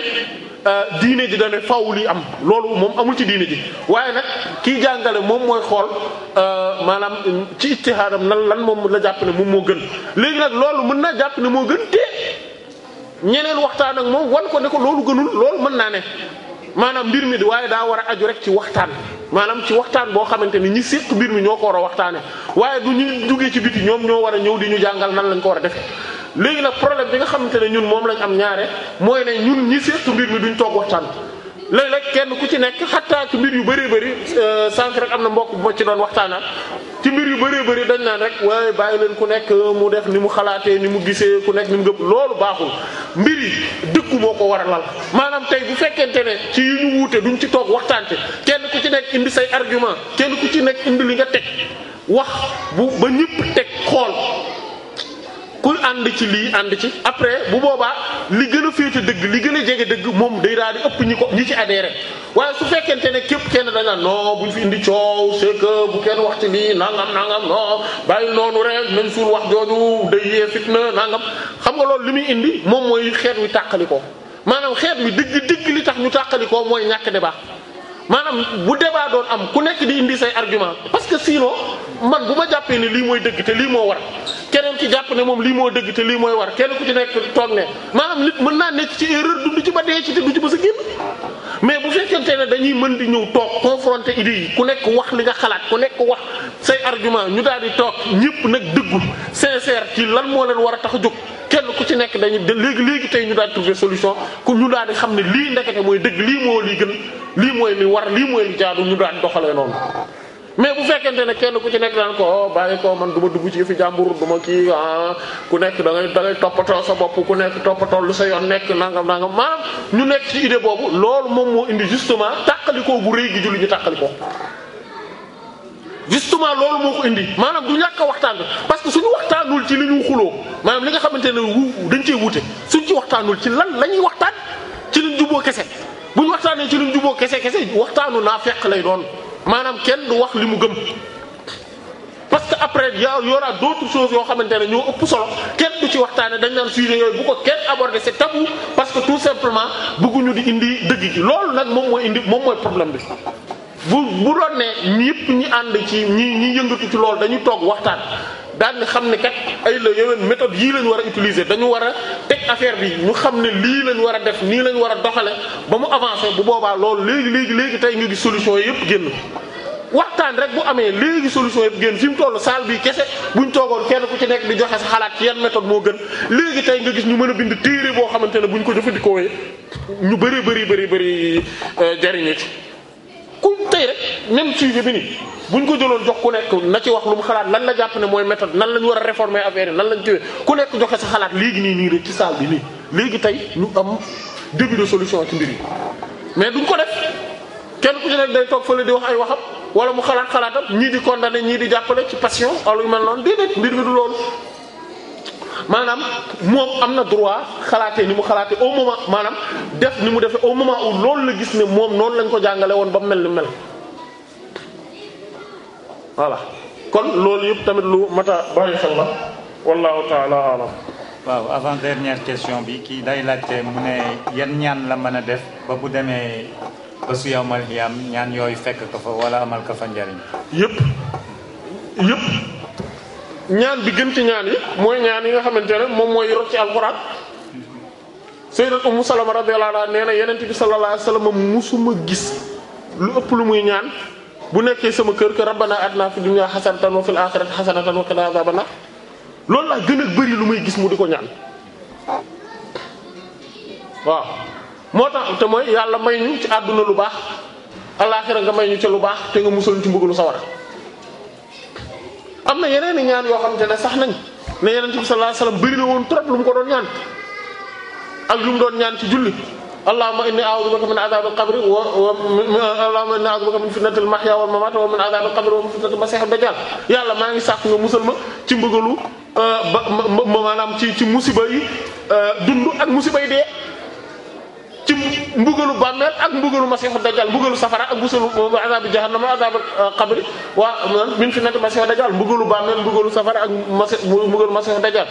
[SPEAKER 1] euh, diine ji dane faw lii am loolu moom amul ci diine ji waaye nag kii jàngale moom mooy xool euh, maanaam ci ijtihaadam lan lan moom la jàpp ne moom moo gën léegi nag loolu mën naa jàpp ne moo gën te ñeneen waxtaan ak moom wan ko ne ko loolu gënul loolu mën naa ne maanaam mbir mi waaye daa war a aju rek ci waxtaan maanaam ci waxtaan boo xamante ni ñi séq mbir mi ñoo ko war a waxtaane waaye du ñu jógee ci biti ñoom ñoo war a ñëw di ñu jàngal nan lañ ko war a defe léegi nag problème bi nga xamante ne ñun moom lañ am ñaare mooy ne ñun ñi séq mbir mi duñ toog waxtaan léeg-léeg kenn ku ci nekk xataa ci mbir yu bëree bëri euh, sànq rek am na mbokk bu ma ci doon waxtaanal ci mbir yu bëree bëri dañ naan rek waaye bàyyi leen ku nekk mu def ni mu xalaatee ni mu gisee ku nekk ni mu gëm loolu baaxul mbir yi dëkku moo ko war a lal maanaam tey bu fekkente ne ci yu ñu wuute duñ ci toog waxtaante kenn ku ci nekk indi say argument kenn ku ci nekk indi li nga teg wax bu ba ñëpp teg xool ku ànd ci lii ànd ci après bu boobaa li gën a féete dëgg li gën a jege dëgg moom day daal di ëpp ñi ko ñi ci adhéré waaye su fekkente ne képp kenn dañ naan non buñ fi indi coow c'est bu kenn wax ci lii nangam nangam non bàyyi noonu rek nañ suul wax jooju day yee fitna nangam xam nga loolu li muy indi moom mooy xeet wi tàqali ko maanaam xeet wi dëgg dëgg li tax ñu tàqali mooy ñàkk baax maanaam bu débat doon am ku nekk di indi say argument parce que sinon man bu ma jàppee ne lii mooy dëgg te lii moo war keneen ki jàpp ne moom lii moo dëgg te lii mooy war kenn ku ci nekk toog ne maanaam nit mën naa nekk ci erreur dund ci ba dee ci te du ci ba sa génn mais bu fekkente ne dañuy mën di ñëw toog confronter idées yi ku nekk wax li nga xalaat ku nekk wax say argument ñu daal di toog ñëpp nag dëggu sincère ci lan moo leen war a tax a jóg kenn ku ci nekk dañu léegi léegi tey ñu daal trouver solution ku ñu daal di xam ne lii ndekete mooy dëgg lii moo li gën lii mooy li war lii mooy li ñu daan doxalee noonu mais bu fekkente ne kenn ku ci nekk daan ko oh, bàyyi koo man du ma dugg ci fi jàmbur du ma kii ah ku nekk da ngay da ngay sa bopp ku nekk toppatoo lu sa yoon nekk nangam nangam maanaam ñu nekk ci idée boobu loolu moom moo indi justement tàqalikoo bu réegi gi julli ñu tàqalikoo justement loolu moo ko indi maanaam du ñàkk a waxtaan parce que suñu waxtaanul ci li ñu xuloo maanaam li nga xamante ne wu dañ cee wute suñ ci waxtaanul ci lan la ñuy waxtaan ci luñ juboo kese buñ waxtaanee ci luñ juboo kese kese waxtaanu naa fekk lay doon maanaam kenn du wax li mu gëm. parce que après y aura dootu choses yoo xamante ne ñoo ëpp solo kenn du ci waxtaane dañ naan sujet yooyu bu ko kenn aborder c'est tabou parce que tout simplement bëgguñu di indi dëgg gi loolu nag moom mooy indi moom mooy problème bi. bu bu doon ne yëpp ñi ànd ci ñi ñi yëngatu ci lool dañuy toog waxtaan daan di xam ne kat ay la yeneen méthode yii lañ war a utiliser dañu war a teg affaire bi ñu xam ne lii lañ war a def nii lañu war a doxale ba mu avancer bu boobaa loolu léegi léegi léegi tey nga gis solution yëpp génn waxtaan rek bu amee léegi solution yëpp génn fi mu toll saal bii kese buñ toogoon kenn ku ci nekk di joxe sa xalaat ci yan moo gën léegi tey nga gis ñu mën a bind téere boo xamante ne buñ ko jëfandikoo ñu bëri bëri bëri bëri euh, jariñu ci comme tey rek même sujet bi nii bu ñu ko jëloon jox ku nekk na ci wax lu mu xalaat lan la jàpp ne mooy méthode nan la war a réformer affaire yi nan lañ ñu téye ku nekk joxe sa xalaat léegi nii nii rek ci salle bi nii léegi tey ñu am début de solution ci mbir yi mais duñ ko def kenn ku ci nekk day toog fële di wax ay waxam wala mu xalaat xalaatam ñii di condamné ñii di jàppale ci passion wala yu mel noonu déedéet mbir mi du loolu. maanaam moom am na droit xalaatee ni mu xalaatee au moment maanaam def ni mu defee au moment où loolu la gis ne moom noonu lañ ko jàngale woon ba mu mel ni mel
[SPEAKER 3] voilà kon loolu yëpp tamit lu mata bàyyi xel la waaw avant dernière question bi kii day laajte mu ne yenn ñaan la mën a def ba bu demee ba su yawmal xiyaam ñaan yooyu fekk ko fa wala amal ko fa njariñ yëpp
[SPEAKER 1] yëpp ñaan bi gën ci ñaan yi mooy ñaan yi nga xamante ne moom mooy rot ci alxuraan sayyidat ummu salama radiyallahu anha nee na yenente bi sallallahu alayhi wasallam musuma gis lu ëpp lu muy ñaan bu nekkee sama kër que rabbana atina fid dunya hasanatan wa fil akhirati hasanatan wa qina ba nar loolu laa gën a bëri lu muy gis mu di ko ñaan waaw moo tax te mooy yàlla may ñu ci àdduna lu baax alaaxira nga may ñu ci lu baax te nga musal ñu ci mbugalu sawara am na yeneen i ñaan yoo xamante ne sax nañ ne yeneen bi sallallahu alayhi wasallam bëri woon trop lu mu ko doon ñaan ak lu mu doon ñaan ci julli allahumma inni a'udhu bika min adhab al-qabr wa allahumma inni a'udhu bika min fitnati al-mahya wal mamat wa min adhab al-qabr wa min fitnati al-masih ad-dajjal yàlla maa ngi sàkk nga musal ma ci mbëgalu euh, ba maanaam ci ci musiba yi euh, dund ak musiba yi dee ci mbugalu bàmmeel ak mbugalu masiixu dajjal mbugalu safara ak mbugalu azaabu jahannama azaabu qabri waa min fitnati masiixu dajjal mbugalu bàmmeel mbugalu safara ak masi mbugalu masiixu dajjal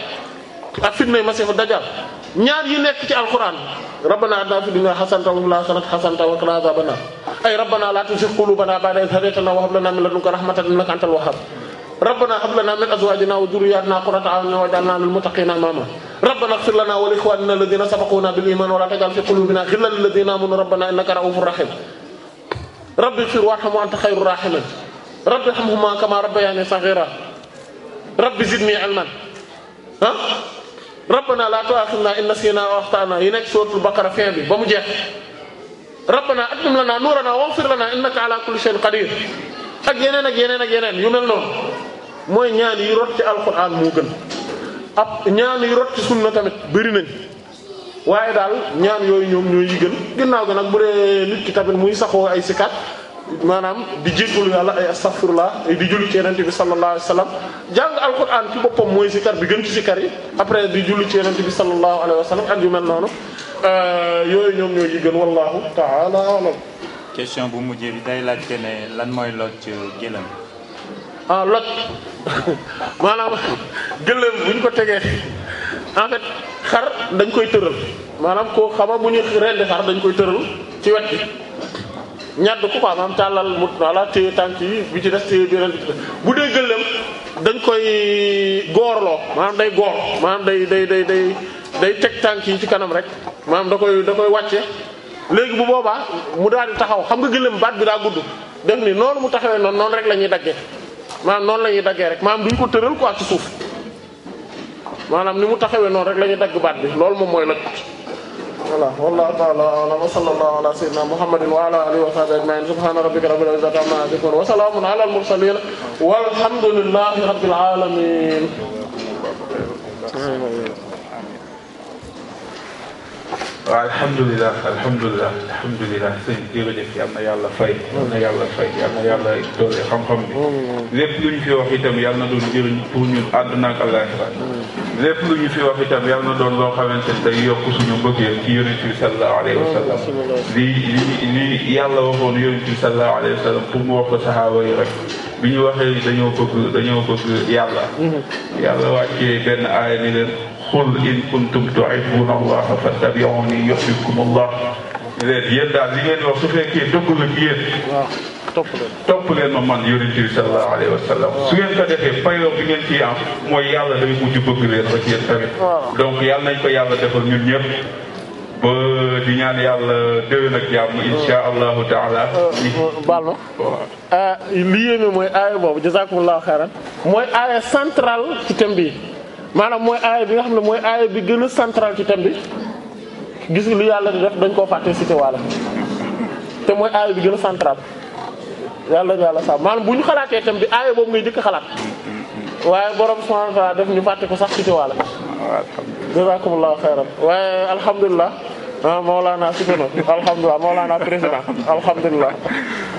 [SPEAKER 1] ak fitnay masiixu dajjal ñaar yi nekk ci alquran rabbana atina fid dunya hasanatan wa fil akhirati hasanatan wa qina azaban nar ay rabbana la tuzigh qulubana ba'da idh hadaytana rabbana hab lana min azwajina wa dhurriyyatina qurrata a'yunin waj'alna lil muttaqina imama rabbana ighfir lana wa li ikhwanina alladhina sabaquna bil iman wa la taj'al fi qulubina ghillan lil ladhina amanu rabbana innaka ra'ufur rahim rabbi ighfir warham wa anta khayrur rahimin rabbi irhamhuma kama rabbayani saghira rabbi zidni ilman ah rabbana la tu'akhidhna in nasina aw akhtana yi nekk suratul baqara fin bi ba mu jeex rabbana atmim lana nurana waghfir lana innaka ala kulli shay'in qadir ak yeneen ak yeneen ak yeneen yu mel noonu mooy ñaan yi rot ci alquran moo gën ab ñaan yi rot ci sunna tamit bëri nañ waaye daal ñaan yooyu ñoom ñooy yi gën ginnaaw gi nag bu dee nit ki tamit muy saxoo ay sikat maanaam di jéggalu yàlla ay astaghfirullah di julli ci yenente bi sallallahu alayhi wa sallam jàng alquran ci boppam mooy sikar bi gën ci yi après di julli ci yenente bi sallallahu alayhi wa sallam yu mel noonu euh, yooyu ñoom ñooy yi gën wallahu taala alam
[SPEAKER 3] question bu mujjee bi day laajte ne lan mooy locc gëlëm ah loj maanaam
[SPEAKER 1] gëléem ko tegee en fait xar dañ koy tëral maanaam koo xama bu ñu rendi xar dañ koy tëral ci wet bi ñadd ko quoi maanaam tàllal mu voilà téye tànk yi bi ci des téye bu dee gëléem dañ koy goorloo maanaam day goor maanaam day day day day day teg tànk yi ci kanam rek maanaam da koy da koy wàcce léegi bu boobaa mu daal di taxaw xam nga gëléem baat bi daa gudd def ni noonu mu taxawee noonu noonu rek la ñuy daggee maanaam noon la ñuy daggee rek maanaam bi ko tëral quoi ci suuf maanaam ni mu taxawee noonu rek la ñuy dagg baat bi lool moom mooy lëkk. voilà wallahu ta'ala a'lam wa sallallahu ala sayyidina muhammadin wa ala alihi wa sahbihi ajma'in subhana rabbika rabbil izzati amma yasifun wa salamun ala al mursalin walhamdulillahi rabbil alamin waaw alhamdulilah alhamdulilah alhamdulilah sëñ jërëjëf yal na yàlla fay yal na yàlla fay yalla na yàlla doole xam-xam bi lépp lu ñu fi wax itam yal na doon jëriñ pour ñun àdduna ak àllaaxira lépp lu ñu fi wax itam yal na doon loo xamante ni day yokk suñu mbëggeel ci yonent bi sallallahu alayhi wa yàlla waxoon yonent bi sallallahu alayhi wa sallam pour mu wax ko saxaaba ñu waxee dañoo bëgg dañoo bëgg yàlla yàlla wàccee qul in kuntum tuhibbuna allaha fattabi'uni yuhbibkum allah léegi yéen daal li ngeen di wax su fekkee dëgg la ci yéen. topp leen topp leen ma man yonent bi sallallahu alayhi wa sallam. su ngeen ko defee payoo bi ngeen ciy am mooy yàlla day mujj bëgg leen rek yéen tamit. donc yàlla nañ ko yàlla defal ñun ñëpp. ba
[SPEAKER 2] di ñaan yàlla déwén ak jàmm insha allahu taala. baal ma
[SPEAKER 1] ah, li yéeme mooy aaya boobu jazakumullahu xayran mooy aaya centrale ci thème bi. maanaam mooy aaya bi nga xam ne mooy aaya bi gëna a central ci thème bi gis lu yàlla di def dañ koo fàtte cité waala te mooy aaya bi gën a central yàlla yàlla sax maanaam bu ñu xalaatee thème bi aaya boobu ngay dëkk xalaat waaye borom subhanahu wa ta'ala def ñu fàtte ko sax cité waala jazakumullahu xayran waaye alhamdulilah ah Mawlana Sifeno alhamdulilah Mawlana président alhamdulilah.